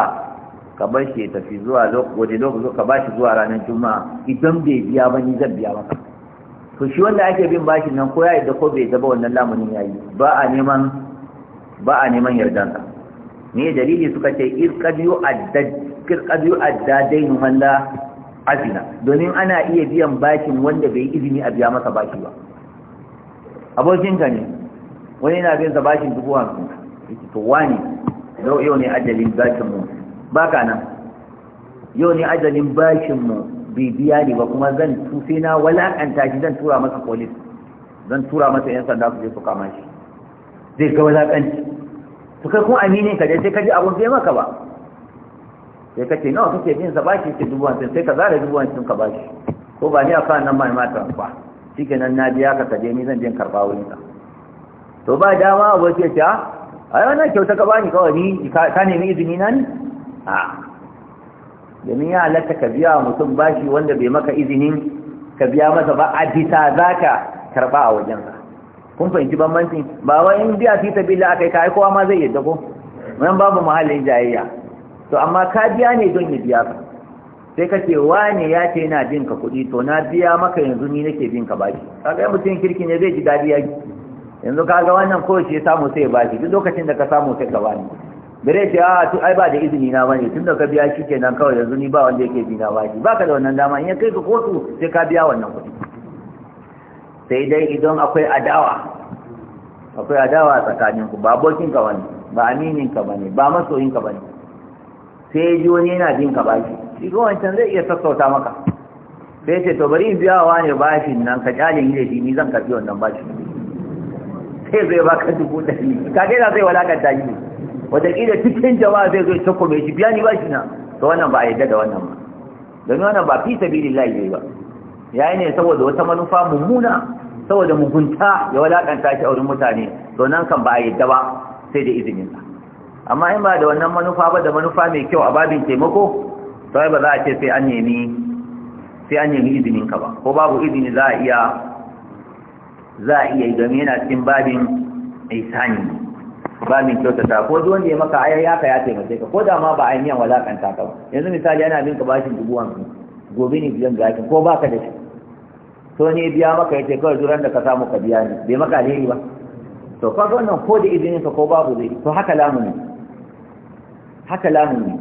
ka bar shi tafi zuwa wani lokaci ka ba shi zuwa ranar juma'a idan bai biya ba ni zan biya maka to shi wanda ake bin bashin nan ko ya yi da ko bai zaba wannan lamunin yayi ba a neman ba a neman yardansa ne dalili suka ce irkadiyu addad kirkadiyu addadain walla azina domin ana iya biyan bashin wanda bai izini a biya masa bashi ba abokin ka ne wani yana biyan sa bashin dubu hamsin to wani yau ne ajalin bashin mu baka nan yau ne ajalin bashin mu bai biya ni ba kuma zan tufe na walakanta shi zan tura masa polis zan tura masa yan sanda su je su kama shi zai ga walakanci to kai kun aminin ka dai sai ka ji abun bai maka ba sai ka ce nawa kake bin sa ba bashi ke dubu hamsin sai ka zara dubu hamsin ka ba shi. ko ba ni a kan nan mai mata ba shikenan na biya ka kaje ni zan je karba wurin ka to ba dama wai ce ta ah, ai wannan kyauta ka bani kawai ni ka nemi izini na ni A'a. Ah. domin ya halatta ka biya wa mutum bashi wanda bai maka izinin ka biya masa ba a bisa za ka karɓa a wajensa kun fahimci bambanci ba wai in biya fi ta bila aka yi kayi kowa ma zai yadda ko nan babu muhallin jayayya to amma ka biya ne don ya biya ka sai ka ce wane ya ce yana bin ka kuɗi to na biya maka yanzu ni nake bin ka bashi kaga mutum kirki ne zai ji dadi ya yanzu ka ga wannan kowace ya samu sai ya bashi duk lokacin da ka samu sai ka bani bare ce a tu ai ba da izini na bane tun da ka biya shi kenan kawai yanzu ni ba wanda yake bina ba shi baka da wannan dama in ya kai ka kotu sai ka biya wannan kuɗi sai dai idan akwai adawa akwai adawa tsakanin ku ba bokin ka bane ba aminin ka bane ba masoyin ka bane sai ya ji wani yana bin ka bashi shi ko wancan zai iya sassauta maka sai ce to bari in biya wa ne bashin nan ka kyale ni da shi ni zan karbi wannan shi. sai zai baka dubu ɗari ka kai na sai walakanta shi ne wataƙila cikin jama'a zai zo ta kome shi biya ni ba shi na to wannan ba a yadda da wannan ba domin wannan ba fi sabili lahi ba ya yi ne saboda wata manufa mummuna saboda mugunta ya wadatanta shi a wurin mutane to nan kan ba a yadda ba sai da izinin ba. amma in ba da wannan manufa ba da manufa mai kyau a babin taimako to ba za a ce sai an nemi sai an nemi izinin ka ba ko babu izini za a iya za a iya gami yana cikin babin isani Ba kyauta kyautata ko zuwan da ya maka ayar yaka ya taimake ka ko da ma ba a yi walakanta ka ba yanzu misali yana bin ka bashin dubu hamsin gobe ne biyan gashin ko ka da shi to ne biya maka ya ce kawai duran da ka samu ka biya ne bai maka alheri ba to kaga wannan ko da izinin ka ko babu zai to haka lamuni haka lamuni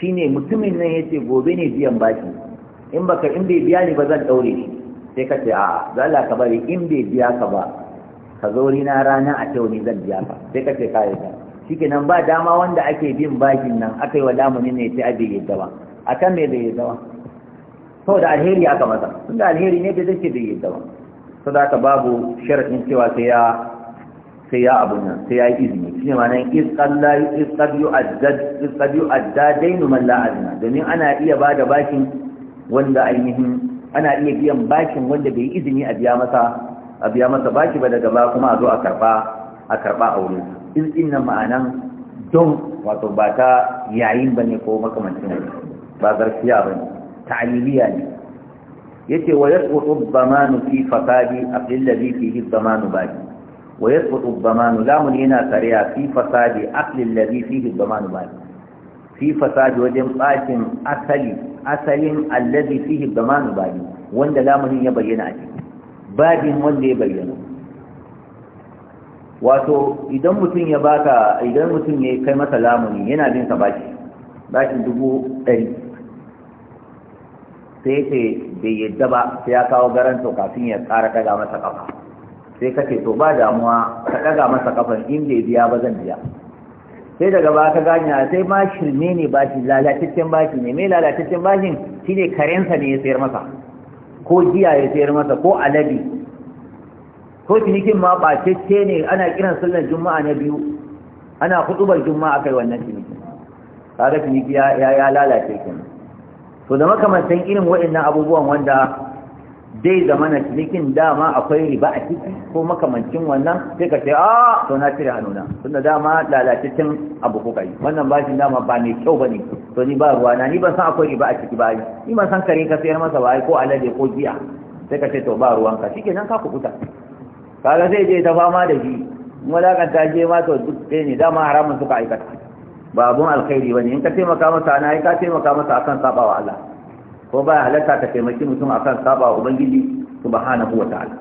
shine mutumin nan yace gobe ne biyan bashi in baka in bai biya ne ba zan daure shi sai ka ce a'a. za Allah ka bari in bai biya ka ba ka zo na rana a ce wani zan biya ka sai ka ce ka yarda shikenan ba dama wanda ake bin bakin nan aka yi wa damuni ne sai aje yarda ba kan me bai yarda Sau saboda alheri aka masa da alheri ne bai zai bai yarda ba saboda haka babu sharafin cewa sai ya sai ya abun nan sai ya yi izini shi ne ma'anar iskabiyu addadainu numan la'azina domin ana iya ba da bakin wanda ainihin ana iya biyan bakin wanda bai izini a biya masa a biya masa baki ba daga ba kuma a zo a karba a karba aure in inna ma'anan don wato ba ta yayin ne ko makamancin wani ba garfiya bane ta'aliliya ne Ya ce wa yasqutu dhamanu fi fasadi fi fihi dhamanu baki wa yasqutu dhamanu lamun yana tariya fi fasadi fi fihi dhamanu baki fi fasadi wajen bacin asali asalin fi fihi dhamanu baki wanda lamunin ya bayyana a ciki babin wanda ya bayyana wato idan mutum ya baka idan mutum ya kai masa lamuni yana bin ka bashi bashin dubu ɗari sai ce bai yadda ba sai ya kawo garanto kafin ya ƙara ɗaga masa ƙafa sai ka ce to ba damuwa ka ɗaga masa ƙafan in bai biya ba zan biya sai daga ba ka gani sai ma shirme ne bakin lalataccen bashi ne mai lalataccen shi shine karensa ne ya sayar masa ko giya ya sayar masa ko alabi. ko cinikin ma cece ne ana kiran sallar juma'a na biyu ana hudubar juma'a kai wannan cinikin kaga ciniki ya lalace kin to da makamantan irin waɗannan abubuwan wanda zai zama na cinikin dama akwai riba a ciki ko makamancin wannan sai ka ce a ah, to na cire hannuna tunda dama lalataccen abu ko kai wannan bashin dama ba mai kyau bane to ni ba ruwa na ni ban san akwai riba a ciki ba ni ban san kare ka sayar masa ba ko alade ko giya sai ka ce to ba ruwan ka shikenan ka kukuta kaga sai je ta fama da shi mulakanta je ma to duk sai ne dama haramun suka aikata babun alkhairi bane in ka taimaka masa ana ka taimaka masa akan sabawa Allah ko ba halatta ka taimaki mutum akan saba ubangiji subhanahu wa ta'ala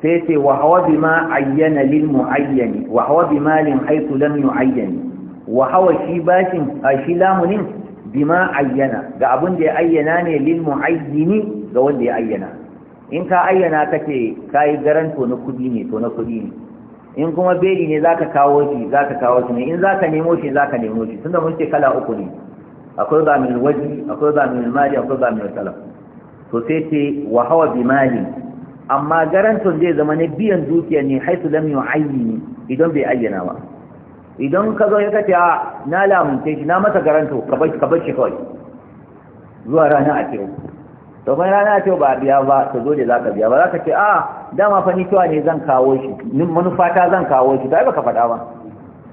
sai ce wa hawa bima ayyana lil mu'ayyani wa hawa bima lin haythu lam yu'ayyani wa hawa shi bashin shi lamunin bima ayyana ga abin da ya ayyana ne lil mu'ayyini ga wanda ya ayyana in ka ayyana kake kai garanto na kudi ne to na kudi ne in kuma beli ne zaka kawo shi zaka kawo shi ne in zaka nemo shi zaka nemo shi tunda mun ce kala uku ne akwai zamin waji akwai zamin mali akwai zamin talaf to sai ce wa hawa bi mali amma garanton zai zama ne biyan dukiya ne haisu lam yu'ayyini idan bai ayyana ba idan ka zo ya kace a na lamunce shi na masa garanto ka bar ka bar shi kawai zuwa rana a ce to bai rana a ce ba biya ba to zo da zaka biya ba zaka ce a dama fa ni cewa ne zan kawo shi manufa ta zan kawo shi dai baka faɗa ba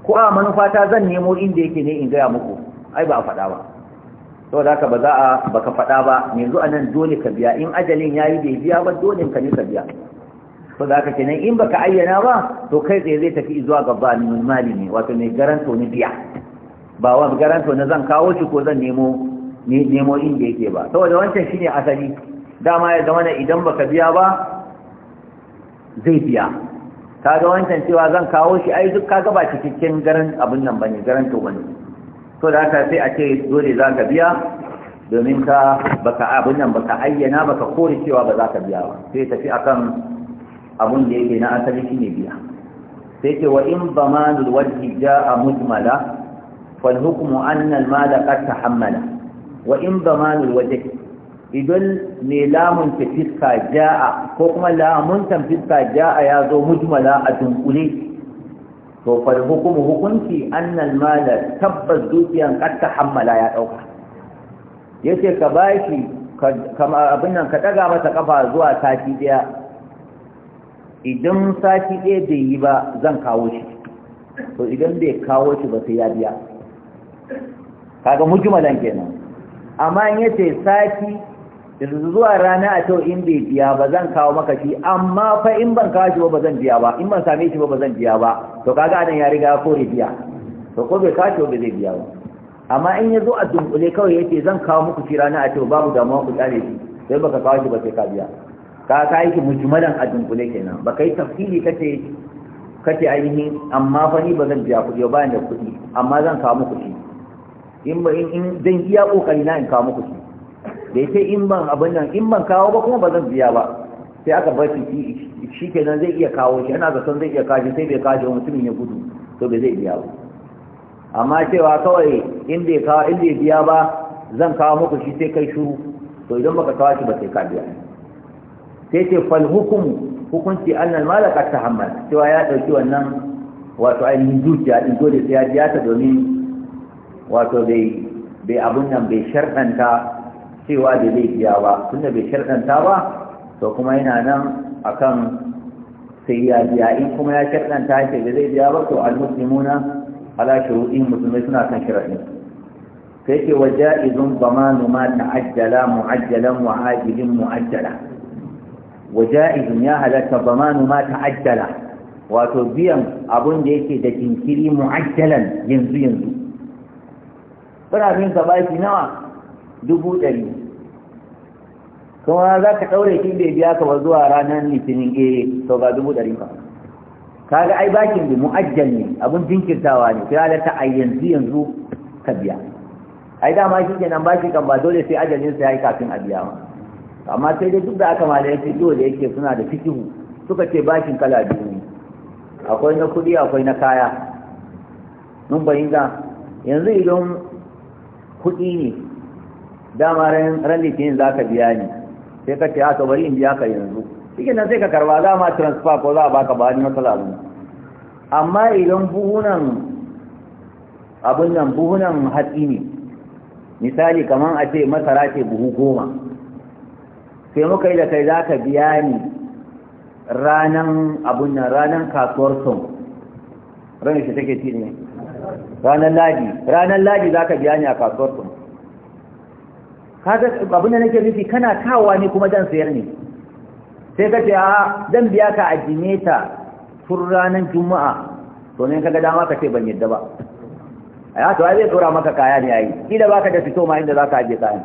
ko a manufa ta zan nemo inda yake ne in gaya muku ai ba a faɗa ba saboda haka ba za a baka faɗa ba yanzu zuwa nan dole ka biya in ajalin ya yi bai biya ba dole ka ne ka biya so da haka kenan in baka ayyana ba to kai tsaye zai tafi zuwa ga ni mali ne wato mai garanto na biya ba wa garanto na zan kawo shi ko zan nemo nemo inda yake ba saboda wancan shine asali dama ya zama idan baka biya ba zai biya kaga wancan cewa zan kawo shi ai duk kaga ba cikakken garan abin nan bane garanto bane so da haka sai a ce dole za ka biya domin ka baka abin nan baka ayyana baka kore cewa ba za ka biya ba sai tafi akan abun da yake na asali shine biya sai ce wa in bamanul wajhi jaa mujmala fal hukmu anna al mala qad tahammala wa in bamanul wajhi idan ne lamun ta fiska jaa ko kuma lamun ta fiska jaa ya zo mujmala a dunkule to fa hukumu hukunci annal mala tabbas dukiyan ta hammala ya dauka yace ka bashi kama abin nan ka daga masa kafa zuwa sati daya idan sati daya bai yi ba zan kawo shi to idan bai kawo shi ba sai ya biya kaga mujmalan kenan amma yace sati yanzu zuwa rana a to in bai biya ba zan kawo maka shi amma fa in ban kawo shi ba ba zan biya ba in ban same shi ba ba zan biya ba to kaga anan ya riga ko kore biya to ko bai kawo ba zai biya ba amma in ya zo a dunkule kawai yake zan kawo muku shi rana a to babu damuwa ku tsare shi sai baka kawo shi ba sai ka biya ka ka yi mujmalan a dunkule kenan baka yi tafsiri kace kace ainihin amma fa ni ba zan biya kuɗi ba ni da kuɗi amma zan kawo muku shi in ba in zan iya kokari na in kawo muku shi bai sai in ban abin nan in ban kawo ba kuma ba zan biya ba sai aka bar shi shi kenan zai iya kawo shi ana zaton zai iya kashi sai bai kashi mutumin ya gudu to bai zai biya ba amma cewa kawai in bai kawo in bai biya ba zan kawo muku shi sai kai shuru to idan baka kawo shi ba sai ka biya sai ce fal hukum hukunci annal malaka ta hammal cewa ya dauki wannan wato ainihin zuciya din dole sai ya biya ta domin wato bai bai abun nan bai sharɗanta cewa da zai biya ba tunda bai sharɗanta ba to kuma yana nan akan sai ya biya in kuma ya sharɗanta ce da zai biya ba to almuslimuna ala shuruɗin musulmai suna kan sharaɗin sai ce wa ja'izun zamanu ma ta'ajjala mu'ajjalan wa ajilin mu'ajjala wa ja'izun ya halatta zamanu ma ta'ajjala wato biyan abun da yake da jinkiri mu'ajjalan yanzu yanzu. Firamin gaba nawa dubu ɗari kuma za ka ɗaure shi da biya ka ba zuwa ranar litinin a eh, to ga dubu ɗari ba Ka ga ai bakin bi mu'ajjal ne abin jinkirtawa ne sai halatta a yanzu yanzu ka biya ai dama shi kenan baki kan ba dole sai ajalin sa yi kafin a biya ma amma sai dai duk da aka malaya ce dole da yake suna da fikihu suka ce bakin kala biyu ne akwai na kuɗi akwai na kaya mun bayyana yanzu idan kuɗi ne dama ran litinin za ka biya ni sai ka ce a ka bari in biya ka yanzu cikin nan sai ka karba za ma transfer ko za a baka ba ni matsala amma idan buhunan abin nan buhunan hatsi ne misali kamar a ce masara ce buhu goma sai muka yi da kai za ka biya ni ranan abun nan ranan kasuwar sun ranar shi take ci ne ranar ladi ranar ladi za ka biya ni a kasuwar sun kaga abin da nake nufi kana kawowa ne kuma zan sayar ne sai ka ce a dan biya ka ajiye ta tun ranar juma'a to ne kaga dama ka ce ban yadda ba a to ai zai tura maka kaya ne ai kila baka da fito ma inda zaka ajiye kayan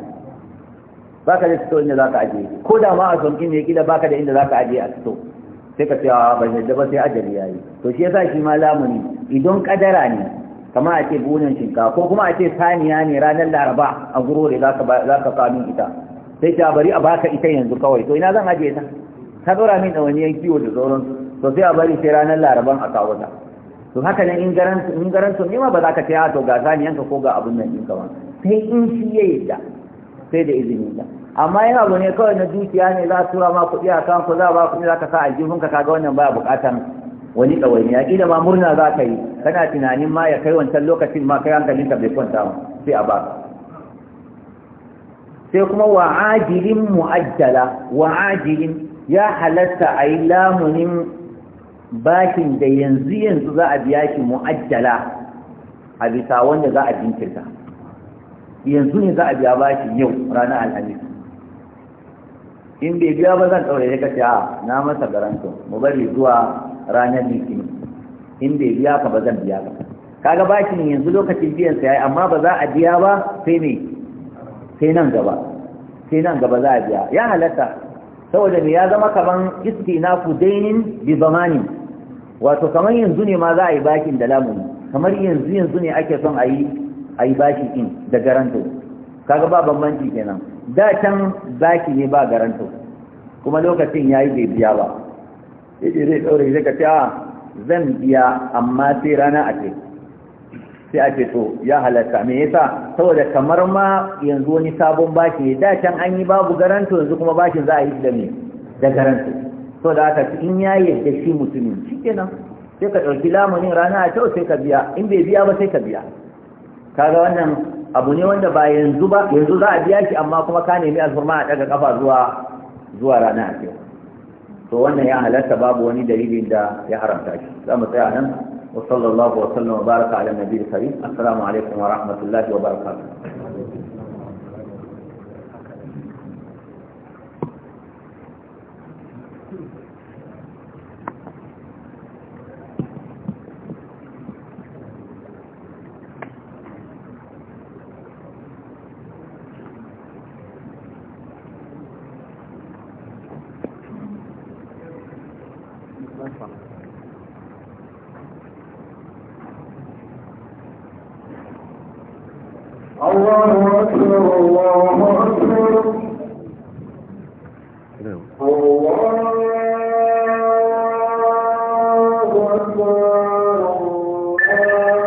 baka da fito inda zaka ajiye ko da ma a zonki ne kila baka da inda zaka ajiye a fito sai ka ce a ban yadda ba sai ajali yayi to shi yasa shi ma lamuni idan kadara ne kamar a ce bunan shinkafa ko kuma a ce saniya ne ranar laraba a guro da za ka kanu ita sai ta bari a baka ita yanzu kawai to ina zan ajiye ta ta dora min ɗawainiyan kiwo da sauran to sai a bari sai ranar laraban a kawo ta to haka nan in garan su nema ba za ka taya ah, to ga saniyanka ko ga abin nan ɗinka ba sai in shi ya yi da sai da izinin ta amma yana abu ne kawai na dukiya ne za a tura ma kuɗi a kan ku za a ba kuɗi za ka sa aljihunka kaga wannan baya buƙatan wani ya ƙila ma murna za ka yi kana tunanin ma ya kai wancan lokacin ma kai hankalin ka bai kwanta ba sai a ba sai kuma wa ajirin mu'ajjala wa ajirin ya halatta a yi lamunin bashin da yanzu yanzu za a biya shi mu'ajjala a bisa wanda za a jinkirta yanzu ne za a biya bashin yau ranar alhamis in bai biya ba zan ɗaure ya kashe a na masa garanto mu bari zuwa ranar litinin in bai biya ka ba zan biya ka kaga bashin yanzu lokacin biyan sa yayi amma ba za a biya ba sai me sai nan gaba sai nan gaba za a biya ya halatta saboda me ya zama kaman ku dainin bi zamani wato kaman yanzu ne ma za a yi bakin da lamuni kamar yanzu yanzu ne ake son a yi a yi baki din da garanto kaga ba bambanci kenan da can baki ne ba garanto kuma lokacin yayi bai biya ba yake zai daure zai ka cewa ah, zan biya amma sai rana a ce sai a so ya halatta me yasa saboda kamar ma yanzu wani sabon bashi ne da can an yi babu garanto yanzu kuma bashin za a yi da me da garanto so da haka in ya da shi mutumin shikenan sai ka ɗauki lamunin rana a ce sai ka biya in bai biya ba sai ka biya kaga wannan abu ne wanda ba yanzu ba yanzu za a biya shi amma kuma ka nemi alfurma a ɗaga kafa zuwa zuwa rana a cewa. to wannan ya halatta babu wani dalilin da ya haramta shi za mu tsaya nan wa sallallahu wa sallam wa baraka ala nabiyil karim assalamu alaikum wa rahmatullahi wa barakatuh الله